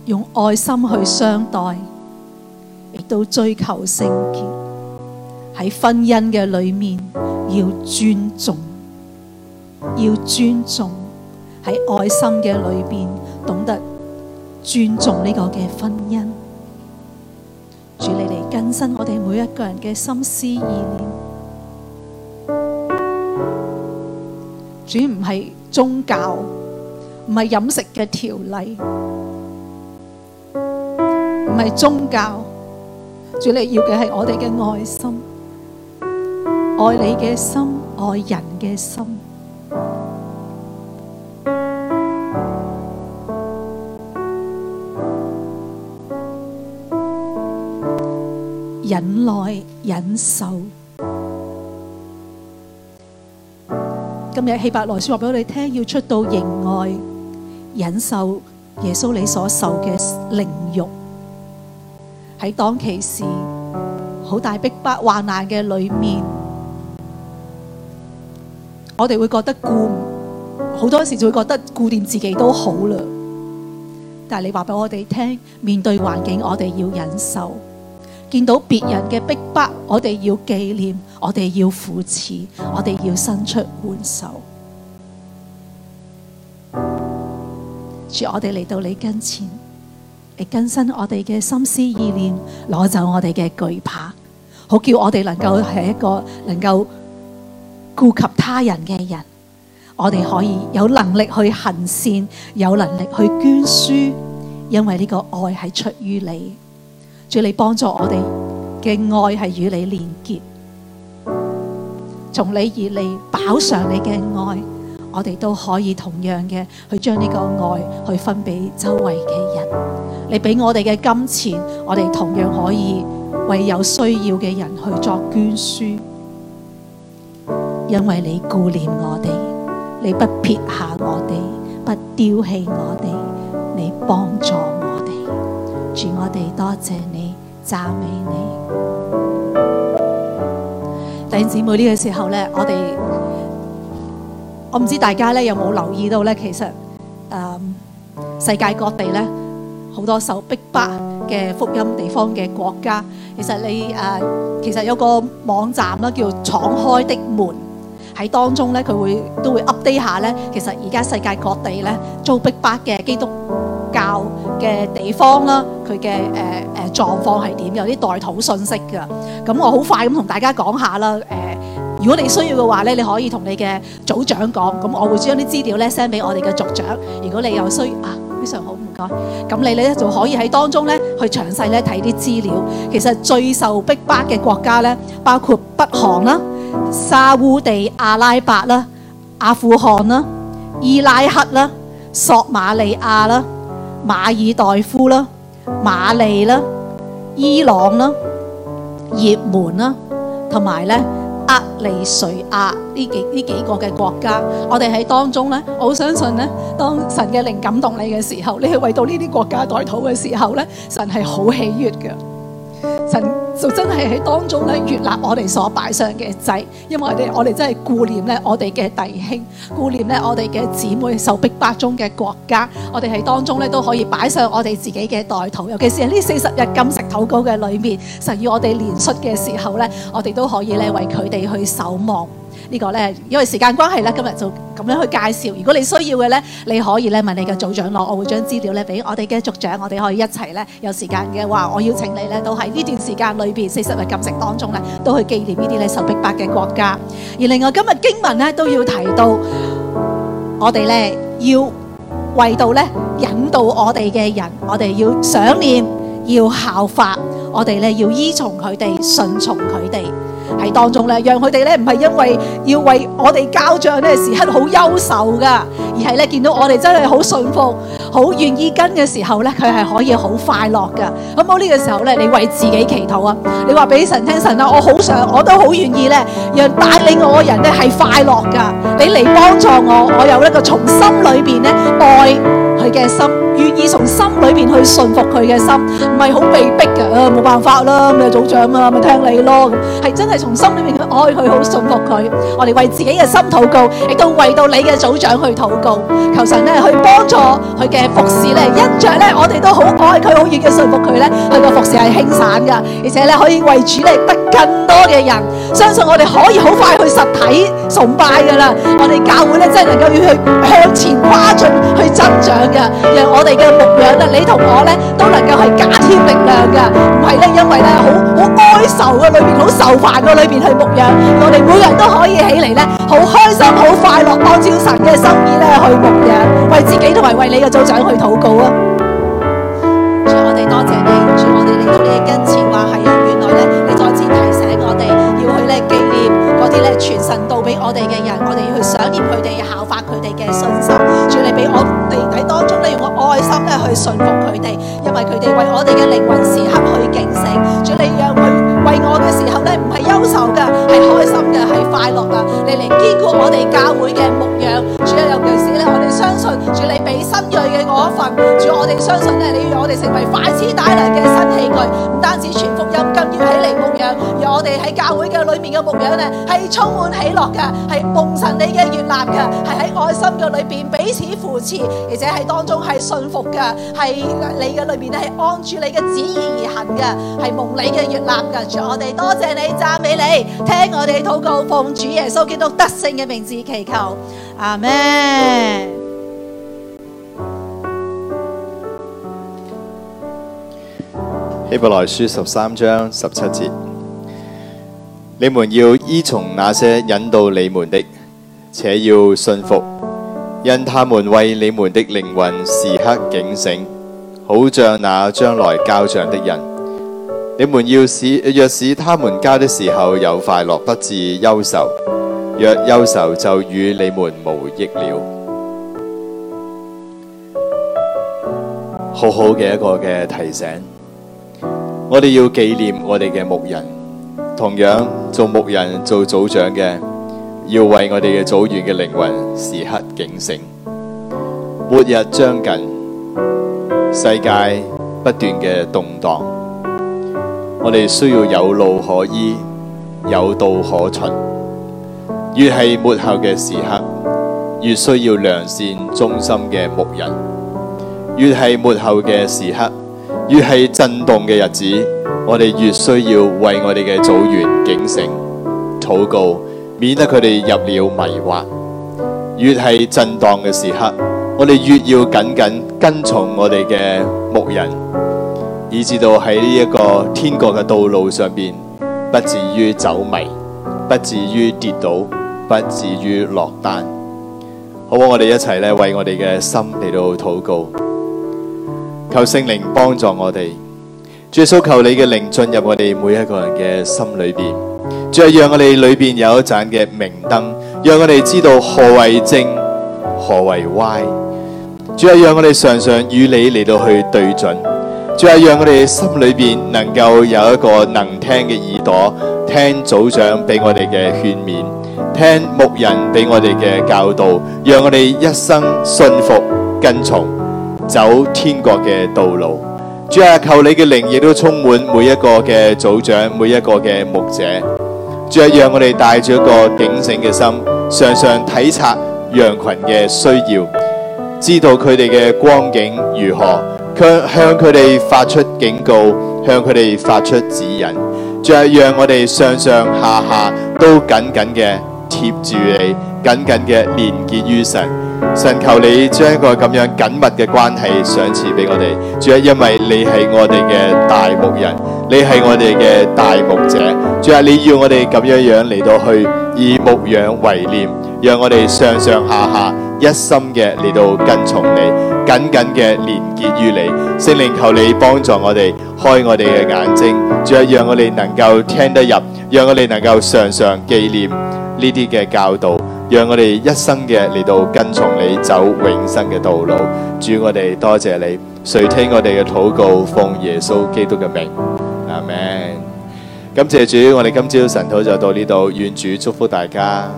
用愛心去相待。到追求聖潔，喺婚姻嘅裏面要尊重，要尊重喺愛心嘅裏邊，懂得尊重呢個嘅婚姻。主，你嚟，更新我哋每一個人嘅心思意念。主唔係宗教，唔係飲食嘅條例，唔係宗教。主，你要嘅係我哋嘅愛心，愛你嘅心，愛人嘅心，忍耐忍受。今日希伯來書話俾我哋聽，要出到營外，忍受耶穌你所受嘅凌辱。喺當其時，好大逼迫患難嘅裏面，我哋會覺得顧，好多時就會覺得顧念自己都好啦。但係你話俾我哋聽，面對環境，我哋要忍受；見到別人嘅逼迫，我哋要紀念，我哋要扶持，我哋要伸出援手。主，我哋嚟到你跟前。你更新我哋嘅心思意念，攞走我哋嘅懼怕，好叫我哋能夠係一個能夠顧及他人嘅人。我哋可以有能力去行善，有能力去捐書，因為呢個愛係出於你，主要你幫助我哋嘅愛係與你連結，從你而嚟，飽嘗你嘅愛。我哋都可以同樣嘅去將呢個愛去分俾周圍嘅人。你俾我哋嘅金錢，我哋同樣可以為有需要嘅人去作捐書。因為你顧念我哋，你不撇下我哋，不丟棄我哋，你幫助我哋。主，我哋多謝你，讚美你。弟兄姊妹呢個時候咧，我哋。我唔知大家咧有冇留意到咧，其實誒、嗯、世界各地咧好多受逼迫嘅福音地方嘅國家，其實你誒、呃、其實有個網站啦，叫敞開的門，喺當中咧佢會都會 update 下咧，其實而家世界各地咧遭逼迫嘅基督教嘅地方啦，佢嘅誒誒狀況係點，有啲代禱信息噶，咁我好快咁同大家講下啦，誒、呃。如果你需要嘅話咧，你可以同你嘅組長講，咁我會將啲資料咧 send 俾我哋嘅組長。如果你有需啊，非常好，唔該。咁你咧就可以喺當中咧去詳細咧睇啲資料。其實最受逼迫嘅國家咧，包括北韓啦、沙烏地阿拉伯啦、阿富汗啦、伊拉克啦、索馬利亞啦、馬爾代夫啦、馬利啦、伊朗啦、葉門啦，同埋咧。厄利瑞亞呢幾呢幾個國家，我哋喺當中咧，我相信咧，當神嘅靈感動你嘅時候，你去為到呢啲國家代禱嘅時候咧，神係好喜悦嘅。就真係喺當中咧，越立我哋所擺上嘅祭，因為我哋我哋真係顧念我哋嘅弟兄，顧念我哋嘅姊妹受逼迫中嘅國家，我哋喺當中都可以擺上我哋自己嘅代禱，尤其是喺呢四十日禁食禱告嘅裏面，神要我哋連説嘅時候，我哋都可以咧為佢哋去守望。呢個咧，因為時間關係咧，今日就咁樣去介紹。如果你需要嘅咧，你可以咧問你嘅組長攞，我會將資料咧俾我哋嘅組長，我哋可以一齊咧有時間嘅話，我邀請你咧都喺呢段時間裏邊四十日禁食當中咧，都去紀念呢啲咧受逼迫嘅國家。而另外今日經文咧都要提到，我哋咧要為到咧引導我哋嘅人，我哋要想念，要效法，我哋咧要依從佢哋，順從佢哋。喺當中咧，讓佢哋咧唔係因為要為我哋交賬呢時刻好憂愁噶，而係咧見到我哋真係好順服、好願意跟嘅時候咧，佢係可以好快樂噶。咁好呢個時候咧，你為自己祈禱啊！你話俾神聽，神啊，我好想，我都好願意咧，讓帶領我嘅人咧係快樂噶。你嚟幫助我，我有一個從心裏邊咧愛。佢嘅心，願意從心裏邊去順服佢嘅心，唔係好被逼噶，啊冇辦法啦，咁嘅組長啊，咪聽你咯，係真係從心裏邊去愛佢，好順服佢。我哋為自己嘅心禱告，亦都為到你嘅組長去禱告，求神咧去幫助佢嘅服侍咧，恩着咧，我哋都好愛佢，好願意順服佢咧，佢嘅服侍係輕省噶，而且咧可以為主贏得更多嘅人，相信我哋可以好快去實體崇拜噶啦，我哋教會咧真係能夠要去向前跨進去增長。嘅，讓我哋嘅牧養啦，你同我咧都能夠係加添力量噶，唔係咧因為咧好好哀愁嘅裏邊，好受煩嘅裏邊去牧養，我哋每人都可以起嚟咧，好開心、好快樂，按照神嘅心意咧去牧養，為自己同埋為你嘅組長去禱告啊！祝我哋多謝你，祝我哋嚟到呢一間。傳神道俾我哋嘅人，我哋要去想念佢哋、效法佢哋嘅信心。主嚟俾我哋喺當中咧，用個愛心咧去順服佢哋，因為佢哋為我哋嘅靈魂時刻去警醒。主嚟讓佢為我嘅時候咧，唔係憂愁嘅，係開心嘅，係快樂啊！你嚟兼顧我哋教會嘅牧養。主啊，尤其是咧，我哋相信主嚟俾新蕊嘅嗰一份。主，我哋相信咧，你要我哋成為快支帶領嘅新器具，唔單止全服。喺嚟牧養，而我哋喺教會嘅裏面嘅牧養咧，係充滿喜樂嘅，係蒙神你嘅悅納嘅，係喺愛心嘅裏邊彼此扶持，而且喺當中係信服嘅，係你嘅裏邊咧係按住你嘅旨意而行嘅，係蒙你嘅悅納嘅。我哋多謝你，讚美你，聽我哋禱告，奉主耶穌基督得勝嘅名字祈求，阿門。希伯來書十三章十七節：你們要依從那些引導你們的，且要信服，因他們為你們的靈魂時刻警醒，好像那將來交賬的人。你們要使若使他們交的時候有快樂，不至憂愁；若憂愁，就與你們無益了。好好嘅一個嘅提醒。我哋要紀念我哋嘅牧人，同樣做牧人做組長嘅，要為我哋嘅組員嘅靈魂時刻警醒。末日將近，世界不斷嘅動盪，我哋需要有路可依，有道可循。越係末後嘅時刻，越需要良善忠心嘅牧人。越係末後嘅時刻。越係震動嘅日子，我哋越需要為我哋嘅組員警醒、禱告，免得佢哋入了迷惑。越係震盪嘅時刻，我哋越要緊緊跟從我哋嘅牧人，以至到喺呢一個天國嘅道路上邊，不至於走迷，不至於跌倒，不至於落單。好，我哋一齊咧為我哋嘅心嚟到禱告。求聖靈幫助我哋，主耶穌求你嘅靈進入我哋每一個人嘅心裏邊，主係讓我哋裏邊有一盞嘅明燈，讓我哋知道何為正，何為歪。主係讓我哋常常與你嚟到去對準，主係讓我哋心裏邊能夠有一個能聽嘅耳朵，聽組長俾我哋嘅勸勉，聽牧人俾我哋嘅教導，讓我哋一生信服跟從。走天國嘅道路，主係求你嘅靈亦都充滿每一個嘅組長、每一個嘅牧者。主啊，讓我哋帶住一個警醒嘅心，常常體察羊群嘅需要，知道佢哋嘅光景如何，向佢哋發出警告，向佢哋發出指引。主啊，讓我哋上上下下都緊緊嘅貼住你，緊緊嘅連結於神。神求你將一個咁樣緊密嘅關係賞賜俾我哋，主要因為你係我哋嘅大牧人，你係我哋嘅大牧者，主要你要我哋咁樣樣嚟到去以牧養為念，讓我哋上上下下一心嘅嚟到跟從你，緊緊嘅連結於你。聖靈求你幫助我哋開我哋嘅眼睛，主要讓我哋能夠聽得入，讓我哋能夠常常紀念呢啲嘅教導。讓我哋一生嘅嚟到跟從你走永生嘅道路，主我哋多謝你，垂聽我哋嘅禱告，奉耶穌基督嘅名，阿門。感謝主，我哋今朝神徒就到呢度，願主祝福大家。